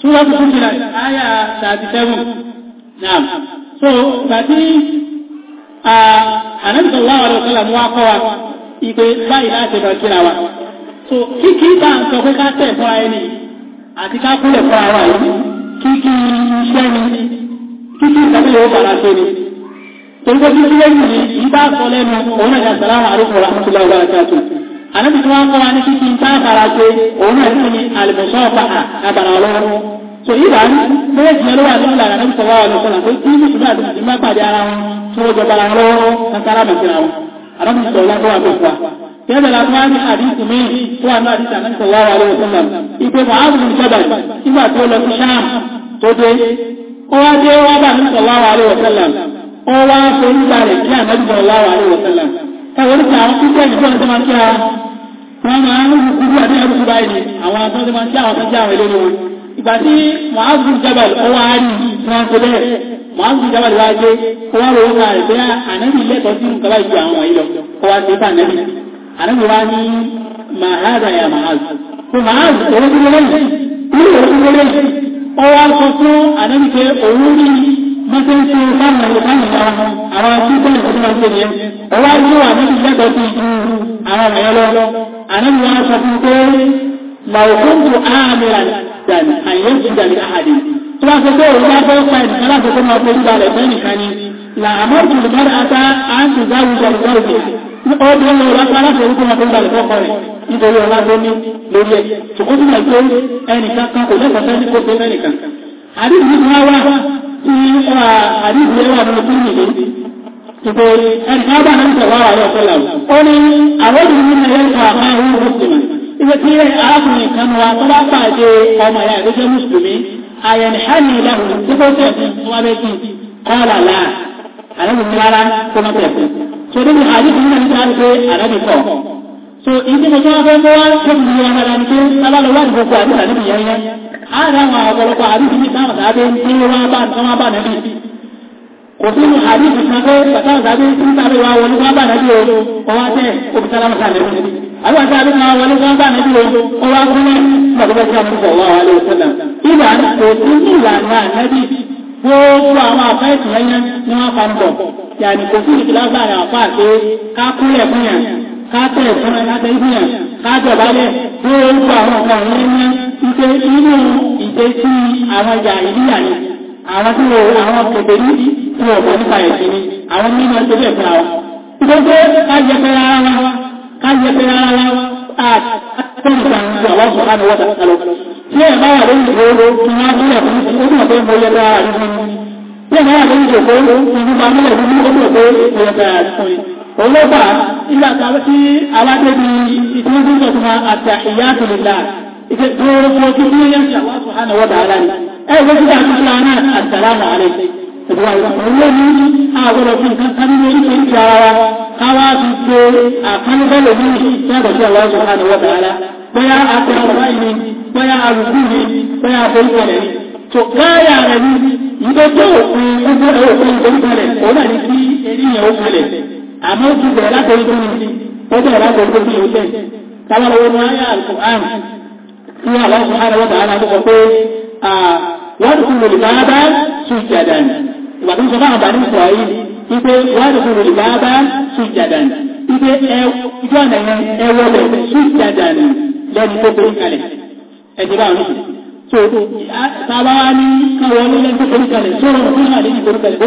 sura tó tún jìnà àyà 37 naam so gbàtí ànábìsọ̀lá wa lọ́sọ́lá mú wá kọ́ wa ìpè báyìí láti lọ kíra wa so kíkí bá ń sọ pé ká tẹ̀ fún ara ẹni àti ká kúlẹ̀ fún ara ẹni kíkí iṣẹ́ ni kíkí ìsàkúlẹ̀ ó bàrà tó ni torí pé kíkí lẹ́yìn ni ìbá sọ lẹ́nu òun náà ní asàlámù àrùkù rahmatullahi wa barakatuh ànábìsọ̀lá wa kọ́ wa ní kíkí látara pé òun náà ní àlùbọ̀sọ́ ọ̀pá àbàrà ọlọ́run so yìí wàá méjì ló wà nínú ìlànà nípa wà lọ́sọ̀ náà pé kí nìkan àti ìdí má pàdé ara wọn tí wọ́n jọba ara wọn lọ́wọ́ kankan alábàtìrà wọn àdókòtò ìṣòro lọ́wọ́ àbẹ̀kọ́ wa. كذا الأقوال حديث مين هو أن حديث عن صلى الله عليه وسلم إذا معاذ بن جبل إذا تقول له الشام تقول هو دي وابا صلى الله عليه وسلم هو في ذلك كان النبي صلى الله عليه وسلم فقلت له أنت تجد أن تمام wọ́n máa ń rú kúrú àti ẹrú kúrú báyìí ni àwọn àtọ́jú máa ń tí àwọn àtọ́jú àwọn eléré wọn ìgbà tí mọ̀háàbù jábàl ọwọ́ àárí wọn kò bẹ́ẹ̀ mọ̀háàbù jábàl wá gbé ọwọ́ rẹ̀ wọ́n máa rẹ̀ pé ah, ànábì lẹ́tọ̀ọ́ sí nǹkan báyìí ju àwọn wọ̀nyí lọ ọwọ́ àti ẹ̀fà ànábì ànábì wá ní màháàbà ya màháàbù tó màháàbù òun kúrú lẹ́yìn ọwọ́ sọ fún ànábì pé Bíkí ń ṣe sáàmù ìsáàmù àwọn títẹ̀ ìfúnná ṣe yẹ. Ọwá ní wà níbi lẹ́tọ̀ọ́ ti ju àwọn ọmọ lọ. Àníbi wọn sọ fún pé Màòkúntù Áàmìlà dàní àyẹ̀sì dàní àhàdì. Tí wọ́n sọ pé òun bá fẹ́ pa ìdíkà láti kó máa forí balẹ̀ fẹ́ nìkan ni. Làmọ́ ìlú mẹ́rin ata á ń sì dáwù ìjọba ìjọba ìjọba. Ó bí wọn lọ lápá láti orí kó máa forí balẹ̀ fọ́kọ rẹ̀ nítorí ọlá tó ní lórí ẹ̀. Ṣùgbọ́n tí wọ́n gbé ẹnìkan kan kò lẹ́kọ̀ọ́ tí àdìsí ẹwà nínú fún ìlú ìgbò ẹnìkan bá náà sọ̀rọ̀ àwọn ọ̀pọ̀lá ó ní àwọn ìlú ní ẹ̀yẹ́ ìfà àwọn ìlú mùsùlùmí ibi tí arákùnrin kan wa tó bá pàdé ọmọ ẹ̀yà ló jẹ́ mùsùlùmí ayẹni hàní ìlànà tí kò tẹ̀sí wọn bẹ sí kọ́ọ̀lá láà àlejò ní rárá kó má tẹ̀sí tó nínú àdìsí nínú ẹni tí a ń pé àlejò ara àwọn ọ̀pọ̀lọpọ̀ àdìsí ní táwọn sábẹ́ ń tí wọ́n bá nǹkan wá bà nẹ́bí kò sí ní àdìsí kan pé bàtà sábẹ́ ń tí sábẹ́ wá wọlé wá bà nẹ́bí o ọwá tẹ́ òbí sálámù sábẹ́ nẹ́bí àwọn sábẹ́ wá wọlé wá bà nẹ́bí o ọwá kúrẹ́ mọ̀lẹ́bẹ̀ tí a mú sọ̀rọ̀ ni wọ́n fa ń bọ̀ yàní kò sí káàtẹ̀ fún ẹ̀lájẹ́ ìfìyàn káàtẹ̀ bálẹ̀ ó ń àwọn ọmọ ìrìn ní ìpé inú ìpé tí àwọn ìjà ìlíyà ni àwọn tí àwọn kẹfẹ́ tí wọ́n kọ́ nípa ẹ̀sìn ni àwọn mímọ́ tó bẹ̀ fún àwọn. Ìgbẹ́gbẹ́ káàjẹ́ pẹ́ wa káàjẹ́ pẹ́ wa àtẹ́rùsà ń gbọ́ àwọn olóba nígbà tí aládébí ìtúndú sọ̀tún àtàhíyàtù lillah ìfẹ́ tó rọ́pọ̀ tí ó yẹ́ sí àwọn subhanahu wa ta'ala ni ẹgbẹ́ tí wọ́n ti láàrín assalamu alaykum ìdúwà ìwọ̀n ní àwọ̀lọ̀ fún nǹkan kan nínú oríṣẹ́ ìjọ ara wa káwá ti tó àkánibẹ́lẹ̀ ní ìṣẹ́gbẹ̀ sí àwọn subhanahu wa ta'ala bóyá àtẹ̀wọ̀ báyìí ni bóyá àlùkù rẹ̀ ni ìgbẹ́jọ́ òfin gbogbo ẹ̀wọ̀ fún ìgbẹ́jọ́ rẹ̀ òun ní sí eríyàn ó kalẹ̀ àmọ́ ó ti bẹ̀rẹ̀ látọ̀rí tó ní sí ó bẹ̀rẹ̀ látọ̀rí tó ní ìṣẹ́ káwọn owó ní ayé àlùkùránì tí àwọn ọmọ ara wọn tààrà tó sọ pé wọ́n ti kúrò lùbá bá sùjàdàn ìgbà tó ń sọ fún àbáni ìfọ̀ ayé ipe wọ́n ti kúrò lùbá bá sùjàdàn ipe ìjọ ọ̀nà ẹwọ́ lẹ̀ sùjàdàn lẹ́nu tó borí kalẹ̀ ẹ̀dí bá wọn so tábà wá ní káwọn olóyè tó borí kalẹ̀ sọ̀rọ̀ fún àlejò borí kalẹ̀ bó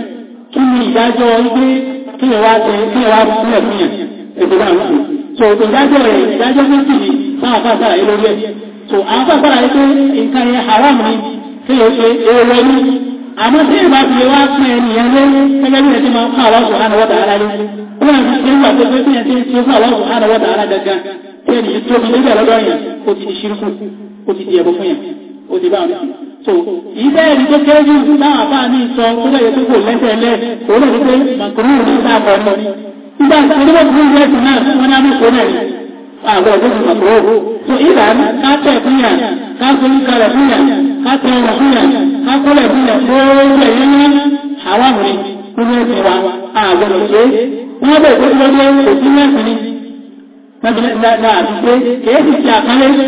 nínú ìdájọ́ wípé kí ẹ wá tẹ kí ẹ wá sílẹ̀ fún yẹn ètò bá lóṣù so ìdájọ́ rẹ̀ ìdájọ́ méjì ni fún àwọn yìí lórí ẹ̀ so àwọn yìí pé nǹkan yẹn haram ni kí ẹ ṣe èrò ẹni àmọ́ tí ìgbà tí wá pín ẹni yẹn lé gẹ́gẹ́ bí ẹ ti máa fún àwọn ọ̀sán àwọn ara lé ó máa fi ṣe ń wà pé pé tí ẹ ti ṣe fún àwọn ọ̀sán àwọn ara gangan tí ẹni yìí tóbi lé so ilé ẹ̀rí tó kéré jù láwọn àbá mi sọ tó lẹ́yẹ tó kò lẹ́sẹ̀ lẹ́ òun ẹ̀rí pé màkúrú ní sáàkọ̀ lọ nígbà tí onímọ̀ fún ilé ẹ̀sìn náà wọ́n ní àmì kóná rí àwọn ọ̀dọ́ fún màkúrú so ìlà kápẹ̀ fúnyà káfíń kalẹ̀ fúnyà káfíń ọ̀rọ̀ fúnyà kákọ́lẹ̀ fúnyà gbogbo ẹ̀yẹ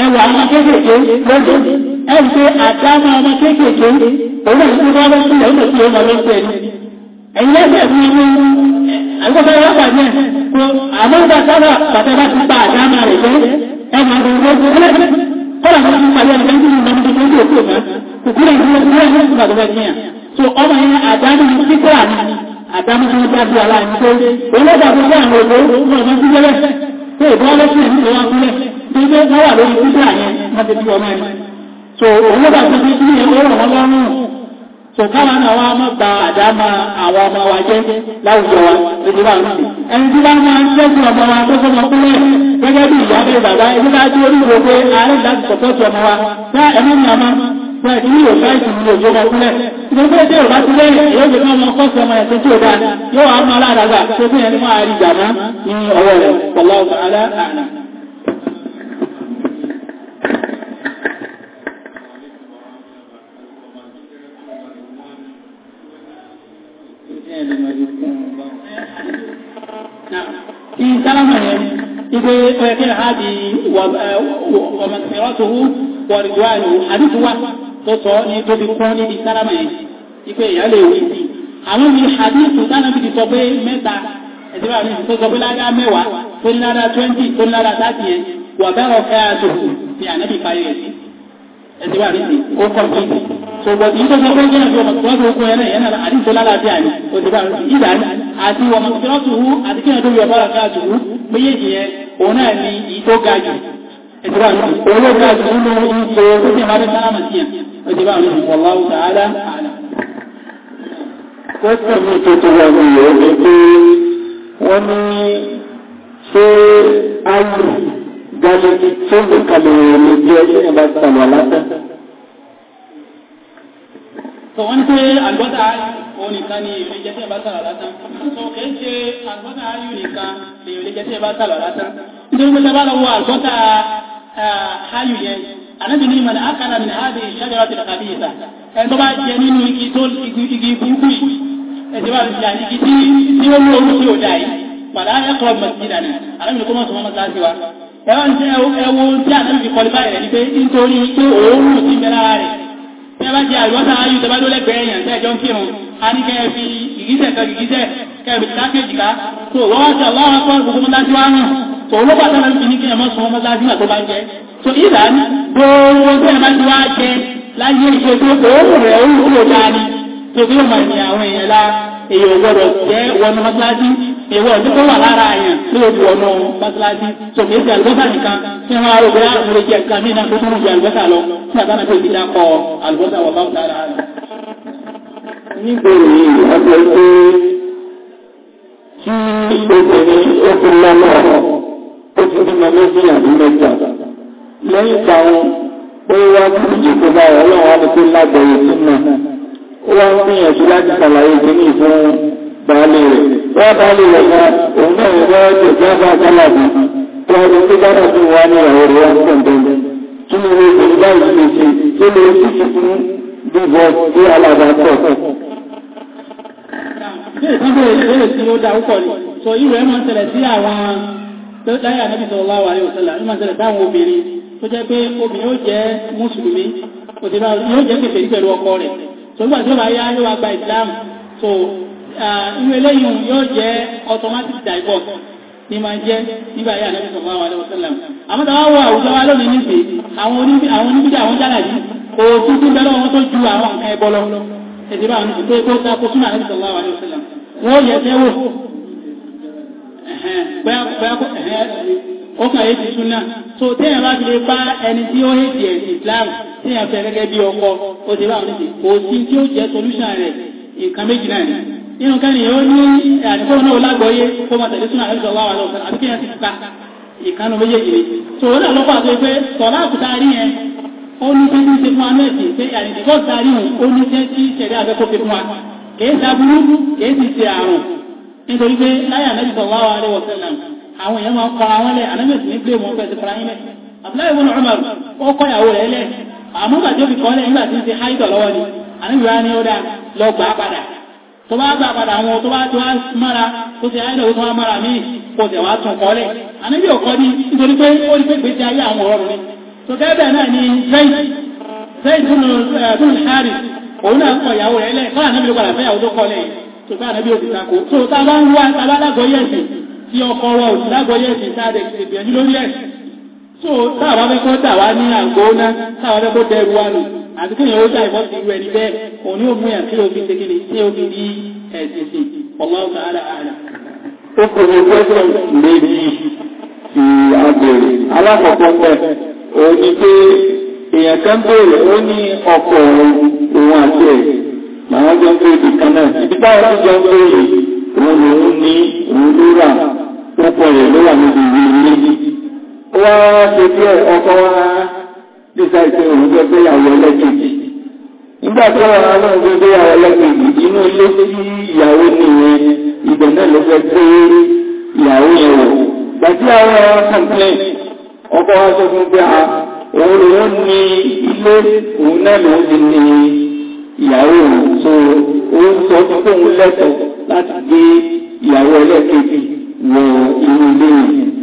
ẹwà ọmọ kéékèèké lọ́dọ̀ ẹ̀rù pé ọmọ kéékèèké òun ìlú bá bá sílẹ̀ ó lè fi ọmọ ló pé ní ẹ̀yìn lẹ́sẹ̀ fún ẹgbẹ́ àgbẹ̀fẹ́ rápà ní ẹ̀ àmọ́ ìgbà sábà pàtẹ́ bá ti pa àdámọ́ rẹ̀ jẹ́ ẹ̀mà gbogbo gbogbo kọ́lá fún mi pàdé ẹ̀mà gbogbo ìgbà tó tó tó mọ́ kùkúrẹ́ ìdílé ìdílé ìdílé ìgbà tó bẹ́ẹ̀ níyà so ọmọ yẹn àdámọ́ ní títà ní àdámọ́ tó ń jáde aláìní pé olóògbà gbogbo àwọn ògbó ọmọ ìgbà tó jẹ́ bẹ́ẹ̀ pé ìbọn ọlọ́sìn ìlú Gbígbé wọ́n wà lórí títà yẹn, wọ́n ti bí ọmọ ẹni. So, òun bá ti fi sílé ẹgbẹ́ ọ̀rọ̀ lọ́rùn. So, káwọn náà wá mọ́ gba àdámà àwọn ọmọ wa jẹ́ láwùjọ wa, lójú bá ń sì. Ẹni tí bá máa ń tẹ́jú ọmọ wa tó sọmọ kúlẹ̀, gẹ́gẹ́ bí ìyá bẹ́ẹ̀ bàbá, ẹni bá tí ó rí ìwò pé ààrẹ láti sọ̀tọ́sọ ọmọ wa, bá ẹ̀mọ́ ni a máa Bẹ́ẹ̀ tí yóò bá ìsìnkú òjò ọmọ kúlẹ̀. Ìgbẹ́gbẹ́ tí ò bá ti lẹ́yìn, yóò jẹ́ máa mọ kọ́sì ọmọ ẹ̀sẹ̀ tí ó dáa, yóò á máa láàdàgbà tó bí ẹni máa rí ìjà náà ní ọwọ́ rẹ̀, pọ̀lọ́ ọ̀gá aláàánà. Ti sálámà yẹn, ipe ọ̀yẹ̀kẹ́ ha di ọmọkìnrọ́tòwú wọ̀rìdúwàlù àdúgbò tó sọ ní tó fi kún níbi sálámà yẹn, ipe ìyá lè wí sí. Àwọn ibi àdúgbò sálámà ti sọ pé mẹ́ta, ẹ̀sìnbà mi tó sọ pé ládá mẹ́wàá, tó ní ládá 20, tó ní ládá 30 yẹn, wà bẹ́rọ̀ kẹ́ àtòkù ti ànẹ́bì parí ẹ̀sìn. Ẹ̀sìnbà mi ó kọ̀ sọ̀gbọ̀n yìí tó sọ pé jẹ́ ẹ̀fọ́ ọmọkùnrin ogun ẹ̀rẹ́ yẹn náà àdíṣe lálàáfíà ni òṣèlú àrùn ìdá àti ọmọkùnrin ọ̀tún wú àti kí ẹ̀dọ́ yọ bára káàtù wú méjèèjì yẹn òun náà ni ìtó ga jù ẹ̀dọ́ àrùn owó ga jù nínú ìṣe tó ti máa bẹ́ sálámà sọ wọ́n pé àlùbọ́sà ayù nìkan ni èrè jẹ́ tẹ́ bá sàlọ̀ lásán sọ kẹ́ ṣe àlùbọ́sà ayù nìkan ni èrè jẹ́ tẹ́ bá sàlọ̀ lásán nítorí pé sábà lọ́wọ́ àlùbọ́sà ayù yẹn ànábì ní ìmọ̀lẹ̀ akara ní àbí ìṣẹ́jọ́ra ti kàkàbí ìta ẹni tó bá jẹ nínú igi tó igi burúkú yìí ẹ̀jẹ̀ bá ti jà ní igi tí tí ó mú orúkú òdà yìí ní pé nítorí pé òórùn sí mẹ́ra rẹ̀ tẹ́ bá jẹ àlùbọ́sà ayù tẹ́ bá ló lẹ́gbẹ̀ẹ́ èèyàn tẹ́ ẹjọ́ ń kírun a ní kẹ́ fi ìgísẹ̀ kan ìgísẹ̀ kẹ́ fi tákéjì ká tó wọ́n ṣe aláwọ̀ akọ́ gbogbo mọ́láṣí wá hàn tó olóògbà tó lọ́n fi ní kí ẹ mọ́ sọ mọ́láṣí wà tó bá ń jẹ tó ìlà ní gbogbo tó ẹ ti wá jẹ láyé ìṣe tó kò ó rẹ̀ ó rò dáa ni tó kí ìwọ ọdún tó wà lára àyàn tí ó ju ọ̀nà mọ́sálásí tòmí ti àlùbọ́sà nìkan tí wọ́n arò bóyá ah, mo lè jẹ nǹkan mí náà tó tún ju àlùbọ́sà lọ tí àtàlà tó ti dá kọ àlùbọ́sà wọ̀ báwọn sára rẹ̀. nígbèrè yìí wọ́n sọ pé kí obìnrin ó fi lọ́nà ó ti bímọ méjì àbí mẹ́ta lẹ́yìn ìgbà wọn ó wá kú ìjọba ọlọ́run á ní kó lágbẹ̀ẹ́ ìtúnà ó wá ń gbìyànjú láti ṣàlàyé ìdí ní ìfún baálé rẹ̀ wọ́n bá lè yẹ̀yà òun náà yẹ̀yà tẹ̀sí àbá sálàbí tó ọdún tó gbádà fún wa ní àwọn ọ̀rọ̀ ọ̀pọ̀lọpọ̀ kí ni ó lè bá ìlú ṣe tó lè ó sì fi fún bíbọ̀ sí alàbà pọ̀. Ìbíbẹ̀ ìbéèrè tí ó dá púpọ̀ ni, sọ irú ẹ̀ máa ń ṣẹlẹ̀ sí àwọn tó dáyà níbi sallallahu alaihi wasallam, ó máa ń ṣẹlẹ̀ sáwọn obìnrin tó jẹ́ pé obìnrin ó jẹ́ mùsùlùmí, òtí bá yóò jẹ́ pèsè pẹ̀lú ọkọ rẹ̀. Sọ nígbà tí ó bá yá yóò wá gba ìsìlámù, so Ah, inú eléyìn yóò jẹ́ automatic divorce ní máa jẹ́ nígbà yà lẹ́bí sọ̀rọ̀ àwọn alẹ́wọ̀sẹ́lẹ̀m àmọ́ta wá wọ àwùjọ wa lónìí níbi àwọn oníbíjà àwọn jálà yìí kò tún tún bẹ́rẹ̀ wọn tó ju àwọn nǹkan ẹbọ lọ ẹ̀dìbà àwọn ìpé kó sáko súnà lẹ́bí sọ̀rọ̀ àwọn alẹ́wọ̀sẹ́lẹ̀m wọ́n yẹ tẹ́wò ó kàn yé ti súnà so téèyàn bá ti lè bá ẹni tí ó hèdì ẹ̀ Islam téèyàn fẹ́ gẹ́gẹ́ bí ọkọ ó ti bá àwọn ìdí kò sí tí ó jẹ́ solution rẹ̀ nǹkan méjì náà inú kẹ́ni ó ní àdìkó náà lágbọ́yé kó mọ̀ tẹ̀lé súnà ẹ̀rọ wà wà lọ́kọ̀ àbí kí ẹ ti ta ìkànnì méjèèjì ni tó ó náà lọ́kọ̀ àti pé sọ̀rọ̀ àkùtà rí yẹn ó ní tẹ́ tí ń ṣe fún amẹ́sì pé àdìkó darí òun ó ní tẹ́ tí ṣẹ̀dá abẹ́kó fi fún wa kìí ṣàbúrú kìí ti ṣe àrùn nítorí pé láyà mẹ́jì sọ̀rọ̀ wà lọ́wọ́ sẹ́lẹ̀ àwọn èèyàn máa ń kọ́ àwọn lẹ̀ àlẹ́mẹ̀sì ní pé wọ́n fẹ́ ti fara yín lẹ̀ Abdullahi ibn Umar ó kọ́ ìyàwó rẹ̀ lẹ̀ àmúgbàjọ́ fi kọ́ lẹ̀ nígbà tí ń ṣe háìdọ̀ lọ́wọ́ ni àníwá ni ó dá lọ gbà padà tó bá gbà padà àwọn tó bá tó wá mára tó ti ayé lọ́wọ́ tó wá mára míì kò tẹ̀ wá tún kọ́lẹ̀ àníbí ò kọ́ ní nítorí pé ó ní pépè ti ayé àwọn ọ̀rọ̀ ni tó kẹ́bẹ̀ náà ni zayn zayn tó ń ṣáàrì òun náà kọ ìyàwó rẹ̀ lẹ̀ fún àníbí ló padà fẹ́yàwó tó kọ́lẹ̀ tó bá àníbí òbí tako tó tá bá ń wá tá bá lágọ̀ọ́yẹ̀ ẹ̀sìn tí ọkọ̀ rọ̀ òsì lágọ̀ọ́yẹ̀ ẹ̀sìn sáré ìgbìyànjú lórí ẹ̀sìn tó táwọn afẹ́kọ́ tà àti kí ìyàwó ṣàìbọ́ sí irú ẹni bẹ́ẹ̀ òun ni ó mú yàn tí ó fi ṣekele tí ó fi rí ẹ̀sìn sí Allahu ta'ala a'lam. ó kò ní gbọ́dọ̀ méjì ti agbèrè alákọ̀ọ́kọ́ pẹ̀ òun ni pé èèyàn kan béèrè ó ní ọkọ̀ òun àti ẹ̀ màá jọ ń pè kan náà ibi táwọn ti jọ ń pè é òun ní òun ló rà ó pọ̀ rẹ̀ ló wà níbi ìwé ilé wá ṣe bí ọkọ̀ wá nígbà ìpín òun fẹ́ fẹ́ yàwó ẹlẹ́kejì nígbà tó wà náà fẹ́ fẹ́ yàwó ẹlẹ́kejì inú ilé tí ìyàwó nìyẹn ibẹ̀ náà ló fẹ́ pé ìyàwó yẹn wò gbàtí àwọn ọ̀rọ̀ kọ̀m̀plẹ̀n ọkọ̀ wa sọ fún pé a òun lòun ní ilé òun náà lòun ti ní ìyàwó so òun sọ fún pé òun lẹ́tọ̀ọ́ láti gbé ìyàwó ẹlẹ́kejì wọ inú ilé yìí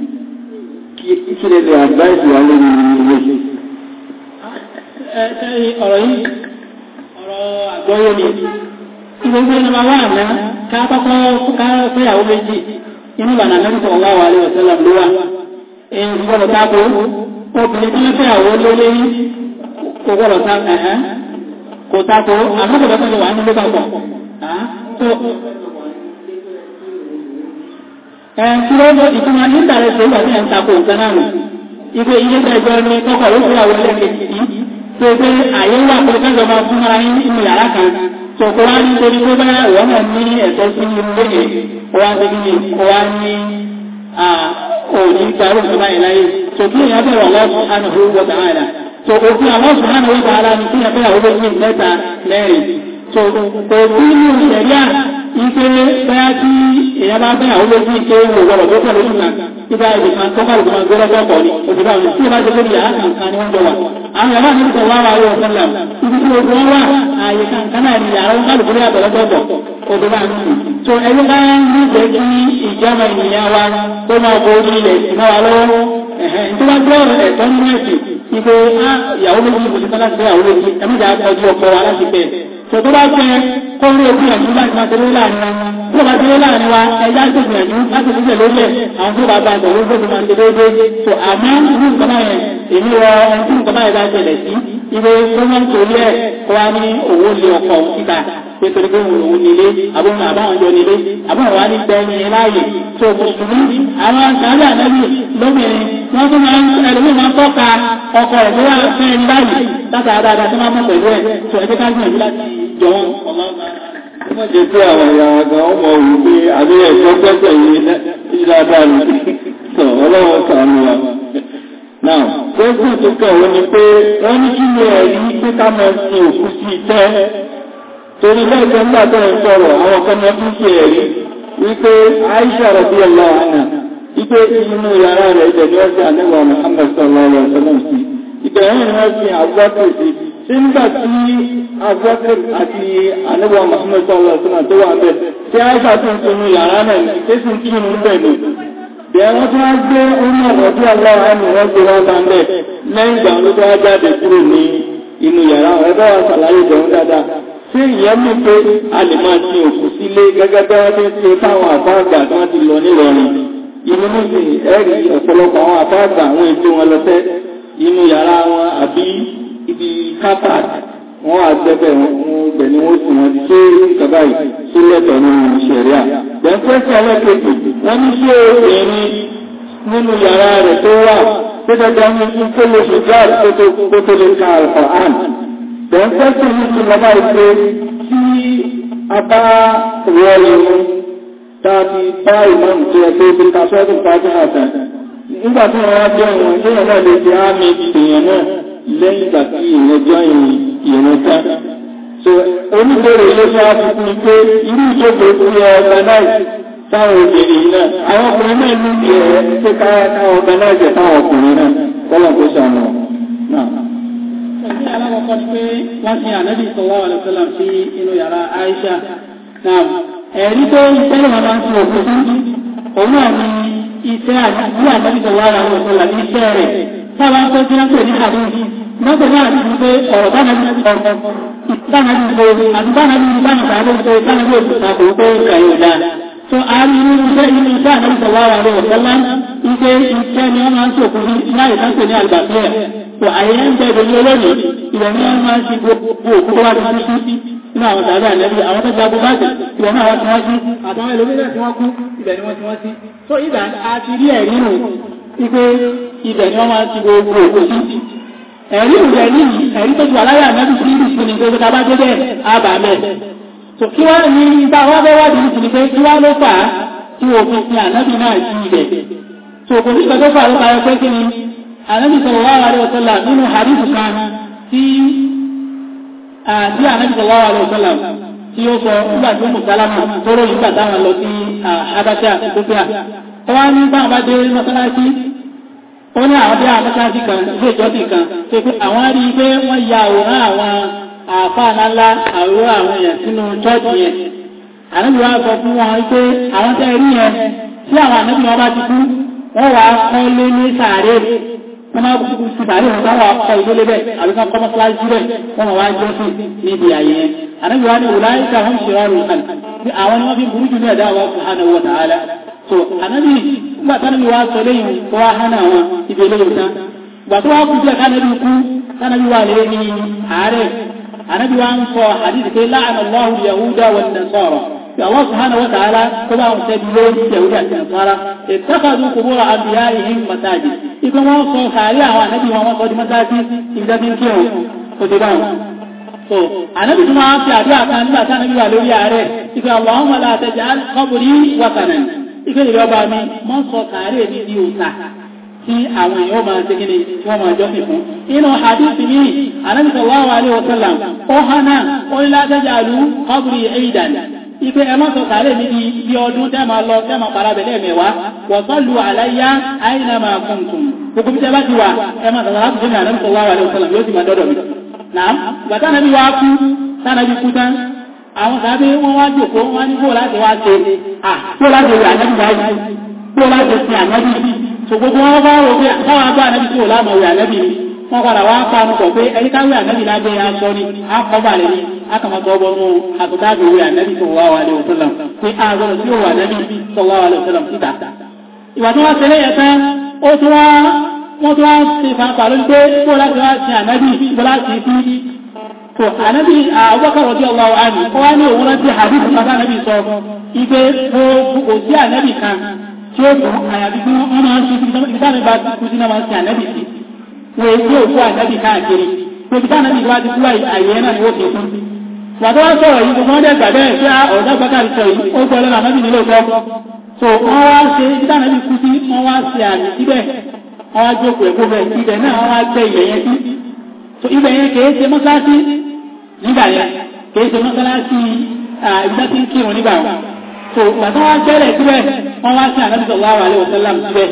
kí kí lè lè advice wa lórí ilé yìí ọ̀rọ̀ yìí ọ̀rọ̀ àgbọ́yé ni ìgbogbo ìnàmà wà náà káàkọ́kọ́ fẹ́yàwó méjì inú ìlànà mẹ́rìnkọ̀ wà wà lẹ́wọ̀ sẹ́lá ló wà èyí gbọ́dọ̀ tábò obìnrin tó fẹ́yàwó lólé kò gbọ́dọ̀ tábò àmọ́kọ̀dọ̀ pẹ̀lú wà nínú papọ̀ ẹ̀ẹ́dúró ìtumọ̀ nígbà rẹ̀ tó wà ní ẹ̀ńtàkùn kan náà ìgbé ilé ìgbẹ́jọ́ tó pé àyè wà pé kájọ máa fún ara yín nínú yàrá kan tó kó wá ní torí pé báyà wọ́n náà ní ẹ̀tọ́ sí ilé yẹn kó wá sí ní kó wá ní òní ìgbàrú ìjọba ìláyé tó kí èèyàn bẹ̀rẹ̀ ọlọ́sùn hánà owó wọ́ta hánà tó òfin ọlọ́sùn hánà owó wọ́ta hánà ní kí èèyàn bẹ̀rẹ̀ owó mẹ́ta mẹ́rin tó kò sí ní ìṣẹ̀lẹ̀ ìpè bẹ́ẹ̀ tí èèyàn bá bẹ́ẹ̀ àwọn ológun ìpè ìwò wọ̀rọ̀ tó pẹ̀lú ìgbà ìgbà ìdè kan tó kọ̀lù kan gbẹ́rẹ́ gbọ́kọ̀ ni òtí bá wọn tí ìbá ti lórí yàrá kankan ni wọ́n jọ wà. àwọn yàrá ní ìsọ̀rọ̀ wàrà ayé ọ̀sán làm ibi tí ogun wọn wà ààyè kankan náà ni yàrá wọn kọ̀lù kúrẹ́ àbẹ̀lẹ́gbọ̀gbọ̀ òtí bá wọn nù. tó ẹni bá ń gbé kí ìjọba ènìyàn wa tó máa tòtò bá fẹ́ kó rí ojú ẹ̀jú láti máa tẹ̀lé láàrin wa tí ó bá tẹ̀lé láàrin wa ẹja tó gbìyànjú láti fi tẹ̀lé lẹ̀ àwọn tó bá bá bọ̀ ló gbọ́dọ̀ máa tẹ̀lé dé tó àmọ́ irú nǹkan báyẹn èmi wọ ohun tí nǹkan báyẹn bá tẹ̀lẹ̀ sí ibi tó máa ń torí ẹ̀ kó wá ní owó lé ọkọ̀ òun síta pé torí pé òun nílé àbóhun àbáwọn jọ nílé àbóhun wa ní gbẹ̀mí láàyè tó mùsùlùmí àwọn àgbàdo ànábì lóbìnrin wọ́n tún máa ń ẹlòmíì máa ń tọ́ka ọkọ̀ ẹ̀gbọ́n fẹ́ẹ́ ní báyìí látara dáadáa tó máa mọ̀ pẹ̀lú ẹ̀ tó ẹ̀jẹ̀ ká gbìyànjú láti jọ ó mọ̀ jẹ́ pé àwọn ìyá àgbà ọmọ òun pé àbíyẹ̀ tó pẹ́sẹ̀ yìí ìdáadáa rẹ̀ sọ ọlọ́wọ́ sàánú wa. Now, gbogbo tó kẹ̀wọ́ ni pé wọ́n ní kí ló ẹ̀rí pé ká máa sí òkú sí tẹ́ torí lẹ́ẹ̀kẹ́ ńgbà tó ń sọ̀rọ̀ àwọn ọkọ̀ mọ́ tún ẹ̀rí wípé Aisha rọ̀bí ọlọ́ àná wípé inú yàrá rẹ̀ ìbẹ̀rẹ̀ ọ̀sẹ̀ àlẹ́wà Muhammad sallallahu alaihi wasallam sí ìbẹ̀rẹ̀ ìrìnàjò àgbàtò sí nígbà tí agbọ́tẹ̀kù àti àníwà Muhammad sọ́lọ̀ ọ̀tọ́nà tó wà bẹ̀ tí a ṣà tó ń sọnù yàrá náà ní tẹ́sùn kí ní bẹ̀ ní bẹ̀rẹ̀ wọ́n tó wá gbé orí ọ̀dọ́ aláwọ̀ ẹni wọ́n gbé wọ́n bá ń bẹ̀ lẹ́yìn ìgbà ló tó wá jáde kúrò ní inú yàrá ọ̀dọ́ wa ṣàlàyé ìjọ dáadáa ṣé ìyẹn mú níbi carpet wọ́n àgbẹ̀bẹ̀ wọn gbẹ̀ ni wọ́n sì wọ́n ti ṣe ìjọba yìí sí lẹ́tọ̀ nínú ṣẹ̀ríà. dẹ́kẹ́sì ẹlẹ́kẹ̀ẹ́kì wọ́n ní ṣé obìnrin nínú yàrá rẹ̀ tó wà tó dẹ́gbẹ́ ní kí tó lè ṣe jáàrì tó tó lè ka alfa'an. dẹ́kẹ́sì ní ti lọ́bà ìpé tí a bá lẹ́yìn ìgbà tí ìrẹ́jọ́ ìrẹ́ta so oníbẹ̀rẹ̀ ilé fún àfikún pé irú ìjókòó fún ẹ organize táwọn obìnrin náà àwọn ọkùnrin náà ní ti ẹ̀ pé káwọn organize táwọn ọkùnrin náà kọ́lọ̀ kó sànà náà. Ẹ̀sìn alákọ̀ọ́kọ́ ni pé wọ́n ti ànábì sallallahu alaihi wasallam sí inú yàrá Aisha náà ẹ̀rí tó iṣẹ́ ìwọ̀n táwa ń pẹ́ sí lọ́pẹ̀ ní àárín lọ́pẹ̀ náà ti pé ọ̀rọ̀ bánàbí ọ̀rọ̀ bánàbí ìgbòho àti bánàbí ìbánàbí àbójútó bánàbí òṣìṣàkó pé ìkàyọ̀ dáa so àárín inú iṣẹ́ inú iṣẹ́ àdáwùsọ̀ wà wà rẹ̀ ọ̀tọ́lá iṣẹ́ iṣẹ́ ni wọ́n máa ń sòkú láì sáńpẹ̀ ní àlùbàfẹ́ so àyè ń bẹ̀rẹ̀ ní olóòlù ìwọ̀n ni wọ́n máa ń ṣe gbogbo òkú tó bá ti máa ń ṣú nínú àwọn tàbí àlẹ́bí àwọn tó jagun bá jẹ́ ìwọ̀n náà wọ́n ti wọ́n sí àtàwọn ẹlòmíràn tí wọ́n kú ibẹ̀ ni wọ́n ti wọ́n sí so ìgbà àti rí ẹ̀rí nù wípé ibẹ̀ ni wọ́n máa ti gbogbo òkú sí ẹ̀rí ìrẹ̀ ní ẹ̀rí tó ju aláyà mẹ́bí sí ìrìsì ní gbogbo tàbá dé bẹ́ẹ̀ àbà mẹ́ tó kí wá ní ibà wá bẹ́ wádìí ìrìsì ní pé kí wá ló fà á tí òfin fi ànábì náà sí ibẹ̀ tó kò ní ìgbàgbọ́ fà ló fà ẹgbẹ́ kí ni ànábì sọ̀rọ̀ wá wàlẹ̀ ọ̀sọ́là nínú hadith kan tí àti ànábì sọ̀rọ̀ wá wàlẹ̀ ọ̀sọ́là tí ó sọ nígbà tí ó kò sálámà tó rọ̀ nígbà táwọn lọ sí Habasha Ethiopia wọ́n á ní báwọn bá dé mọ́sálásí ó ní àwọn bí àmọ́sáàsì kan ilé ìjọsìn kan tó pé àwọn rí pé wọ́n ya àwòrán àwọn àfáàná ńlá àwòrán àwọn èèyàn sínú tọ́ọ̀tì yẹn ànábì wa sọ fún wọn pé àwọn tẹ́ rí yẹn tí àwọn ànábì wọn bá ti kú wọ́n wà á kọ́ lé ní sàárè wọ́n máa kú sí sàárè wọn bá wà kọ́ ilé lébẹ̀ àbí kan kọ́ mọ́sálásí rẹ̀ wọ́n wá jọ́sìn so ànábì nígbà tánábì wá sọ lẹ́yìn tó wá hánà wọn ibi eléyìí tán ìgbà tó wá kú sí àkánábì kú tánábì wà lé ní ààrẹ ànábì wá ń sọ àdìsí pé láàánà Allahu yahuda wa nasara Allah subhanahu wa ta'ala tó bá wọn tẹ́bi lórí yahuda àti nasara ìtàkàdù kòbóra abiyarihim masajid ibi wọn sọ sàárẹ̀ àwọn ànábì wọn wọn sọ di masáàjì ìdájí ń kírun kò dé báwọn so ànábì tó máa ń fi àdúrà kan nígbà tánábì wà lórí ààrẹ ìgbà Allahumma la taj'al qabri watanan ife ìrẹ́ ọba mi mọ́ sọ kàárẹ̀ mi ní òta tí àwọn èèyàn máa ṣe kíni tí wọ́n máa jọ́sìn fún. inú hadith mi Ànábì sallallahu alaihi wasallam ó hánà ó ní látẹ́jà lú qabri aidan ipe ẹ sọ kàárẹ̀ mi ní bí ọdún tẹ́ máa lọ tẹ́ máa parabẹ̀ lẹ́ẹ̀mẹ̀wàá wa sallu alayya aina ma kuntum gbogbo bí tẹ́ ti wà ẹ má sọ̀rọ̀ láti fún mi Ànábì sallallahu alaihi wasallam yóò sì máa dọ́dọ̀ mi. nàá gbàtà nàbí wàá kú tánàbí kú tán àwọn sàbí wọ́n wá jòkó wọ́n ní kó láti wá ṣe kó láti rí ànábì báyìí kó láti sin ànábì tó gbogbo wọn bá rò pé káwọn abá ànábì kó láàmọ̀ rí ànábì ni wọ́n padà wá panu pọ̀ pé ẹni káwé ànábì lábẹ́ aṣọ ni akọ́bà rẹ̀ ni akọ̀mọ̀tọ̀ ọbọ̀nú àtúntàbí ìwé ànábì tó wà wà lẹ́wọ̀ tó wà wà lẹ́wọ̀ tó wá ṣẹlẹ̀ yẹn tán ó tó wá tó wá ṣe fanfa so anabi uh, abubakar rọjí ọlọ́wọ́ àmì kọ́ wá ní òun rántí hadith pátá anabi sọ ipe gbogbo òsí anabi kan tí ó kù àyàfi fún wọn máa ń ṣe ibi táwọn bá kú sí náà máa ń ṣe anabi sí wọ́n èyí òkú anabi káàkiri ibi táwọn anabi wá ti kú àyè náà ni ó fi fún wàtí wọ́n sọ̀rọ̀ yìí gbogbo wọn dẹ̀ gbàgbẹ́ ẹ̀ pé ah, ọ̀dọ́ gbàgbà sọ yìí ó gbọ́ lẹ́nu anabi nílò gbọ́ so wọ́n wá ṣe ibi táwọn anabi kú sí wọ́n wá ṣe àmì síbẹ̀ wọ́n wá jókòó ẹ̀kọ́ bẹ̀ ibẹ̀ náà wọ́n wá gbẹ ilẹ̀ yẹn sí so ibẹ̀ yẹn kèé ṣe mọ́sáàsì nígbà yẹn kì í ṣe mọ́sálásí ìgbà tí ń kírun nígbà wọn. tó gbàtọ́ wá jẹ́rẹ̀ síbẹ̀ wọ́n wá sí ànábì sallallahu alaihi wasallam síbẹ̀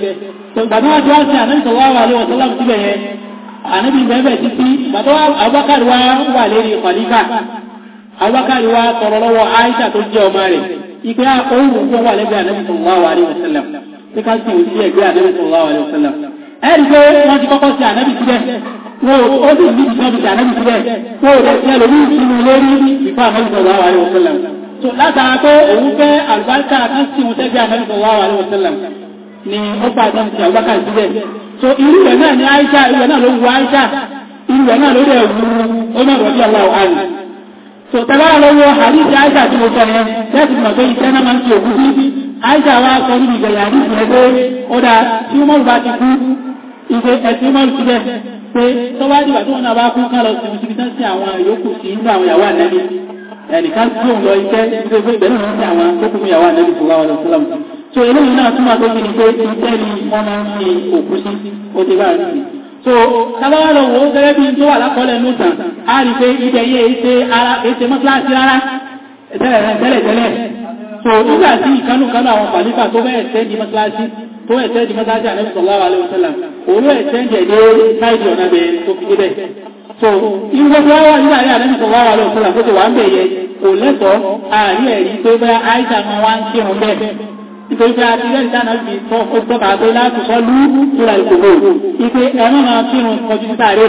tó gbàtọ́ wá ti wá sí ànábì sallallahu alaihi wasallam síbẹ̀ yẹn ànábì bẹ́ẹ̀ títí gbàtọ́ Abubakar wá wà lérí kọ̀lífà Abubakar wá tọrọ lọ́wọ́ Aisha tó jẹ́ ọmọ rẹ̀ ìpé àkóhùn tó wà lẹ́gbẹ̀ẹ́ ànábì sallallahu alaihi wasallam tí ká sì wù sí ẹgbẹ́ ànábì sallallahu alaihi wasallam ẹ̀rí pé wọ́n wọn ò sì ní ìsìnkú ìdánábì síbẹ̀ wọn ò lẹ́sìn ẹlòmí ìsinmi lórí ìfọ́ àmọ́lùsọ̀rọ̀ àwọn àríwọ̀ sẹ́lẹ̀ tó látara pé òun fẹ́ àlùbáríkà kan sí òun sẹ́gbẹ́ àmọ́lùsọ̀rọ̀ àwọn àríwọ̀ sẹ́lẹ̀ ni ó bá àdáhùn sí àlùbáríkà síbẹ̀ tó irú rẹ̀ náà ni Aisha irú rẹ̀ náà ló wu Aisha irú rẹ̀ náà ló dẹ̀ wu ọmọ ìrọ̀lẹ́ aláwọ̀ àrùn tó tẹ́lá lọ́wọ́ àdíjì Aisha tí mo sọ yẹn láti mọ̀ pé iṣẹ́ náà máa ń ti òkú sí Aisha wa sọ níbi ìgbẹ̀yà àdíjì pé ó dáa tí ó mọ̀rù bá ti kú ìgbé ẹ̀sìn mọ̀rù pé tó bá dìgbà tó náà bá kú ká lọ sí ibi tí àwọn yòókù sí inú àwọn ìyàwó ànẹ́bí ẹnìkan tí òun lọ iṣẹ́ ibi tó ìbẹ̀rẹ̀ náà sí àwọn tó kú ìyàwó ànẹ́bí tó wáwọ́ lọ́sílẹ̀ so eléyìí náà túmọ̀ tó fi ni pé iṣẹ́ ni wọ́n máa ń fi òkú sí ó ti bá rí so tábàwá lọ wò ó gẹ́gẹ́ bí tó wà lákọọ́lẹ̀ nùtàn á rí pé ibẹ̀ yẹ èsè ara èsè mọ́tíláṣí rárá tẹ́lẹ̀ tẹ́lẹ̀ tẹ́lẹ̀ so nígbà tí ìkánú kánú àwọn pàlípà tó bẹ́ẹ̀ sẹ́ni mọ́tíláṣí tó ẹ̀tẹ́ di mọ́sájá ní sallallahu alaihi wasallam olú ẹ̀tẹ́ jẹ̀ ní sáìdì ọ̀nà bẹ̀rẹ̀ tó fi débẹ̀ so ìwọ́n tó wá nígbà rí àlẹ́ sallallahu alaihi wasallam tó ti wà ń bẹ̀ yẹ kò lẹ́tọ̀ọ́ àárí ẹ̀rí pé bá nítorí pé àti lẹ́yìn tí ànábì sọ ó tọ́ka pé láti sọ lú ìlà ìkòkò ipe ẹ̀rọ máa kírun kọjú sáré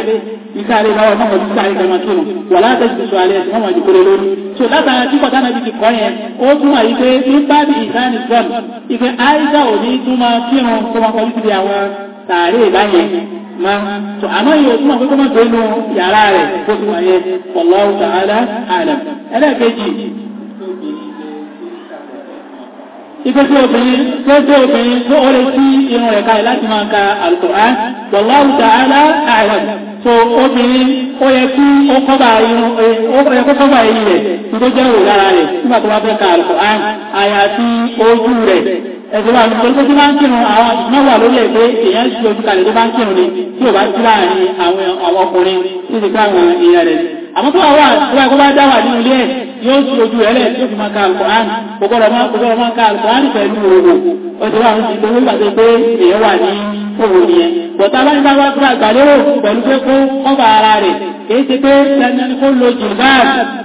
ìsáré lọ́wọ́ náà kọjú sáré kan máa kírun wà láti ẹ̀sìn sọ alẹ́ ẹ̀sìn mọ́mọ́ ìdíkòrò lórí. so látara tí kọ̀tà náà ti kọ́ yẹn ó tún wà ipe nípa bí ìsáni gbọ́n ipe àìsà ò ní tún máa kírun tó máa kọjú síbi àwọn sáré ìbáyẹn ma so àmọ́ yóò tún àkókò máa gbé inú yàrá rẹ̀ kó tún wà yẹn ìfẹ́sẹ̀ obìnrin fẹ́sẹ̀ obìnrin tó ọ̀rẹ́ sí irun rẹ̀ káyẹ̀ láti máa ka Al-Qur'an wallahu ta'ala a'lam so obìnrin ó yẹ kí ó kọ́bà irun rẹ̀ tó jẹ́ òun lára rẹ̀ nígbà tó wá fẹ́ ka Al-Qur'an àyàfi ojú rẹ̀ ẹ̀sùnwà lórí tó bá ń kírun àwọn mẹ́wàá tó bá ń kírun àwọn ọkùnrin títí káwọn èèyàn àmọ́ tó àwọn àwọn àkọ́bá dá wà nínú ilé ẹ̀ yóò sí ojú ẹ̀lẹ̀ tó fi máa ka alùkùránì gbogbo máa ka alùkùránì pẹ̀lú òwò ọjọ́ àwọn ti gbogbo ìgbàgbé pé èèyàn wà ní òwò nìyẹn bọ̀tá bá ń bá wá gbàlérò pẹ̀lú pé kó kọ́bà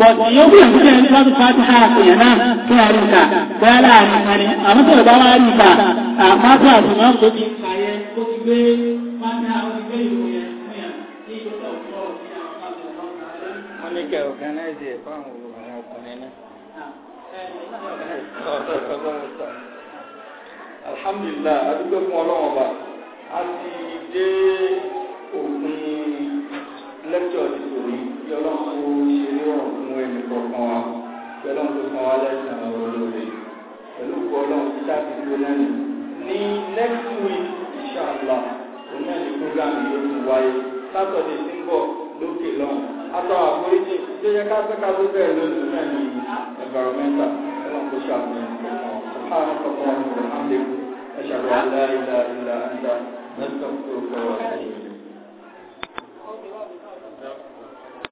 bọ̀dọ̀ yóò bí ẹ̀kú lẹ́yìn tó bá ti ká èèyàn náà tó wà rí ìta bẹ́ẹ̀ láàrin kan ni àwọn tó bá wá rí ìta àpáta àtùmọ̀ tó ti kàyẹ ó ti gbé pátá ó ti gbé ìròyìn ẹ̀kúnyà ní ìjọba ọ̀pọ̀ ní àwọn pátá ọ̀pọ̀ ààrẹ. wọ́n ní kẹ́ ọ̀gánáìzì ẹ̀ fáwọn ọkùnrin náà. alhamdulillah adúgbò fún ọlọ́wọ́n ọba a ti dé òkun lẹ́kítọ̀ ti tò ní kí ọlọ́run kó ẹni kọ̀ọ̀kan wa kí ọlọ́run tó san wá olóore pẹ̀lú kó ọlọ́run títà ti lẹ́nu. ní next week inshallah òun náà ní program yóò ti wáyé sátọ̀dé tí ń bọ̀ lókè lọ́hùn. atọ́ àforíjì tó yẹ ká sẹ́ka tó bẹ̀rẹ̀ lónìí náà ní environmental ọlọ́run kó ṣe àmì ẹ̀ṣẹ̀ àwọn ọ̀sán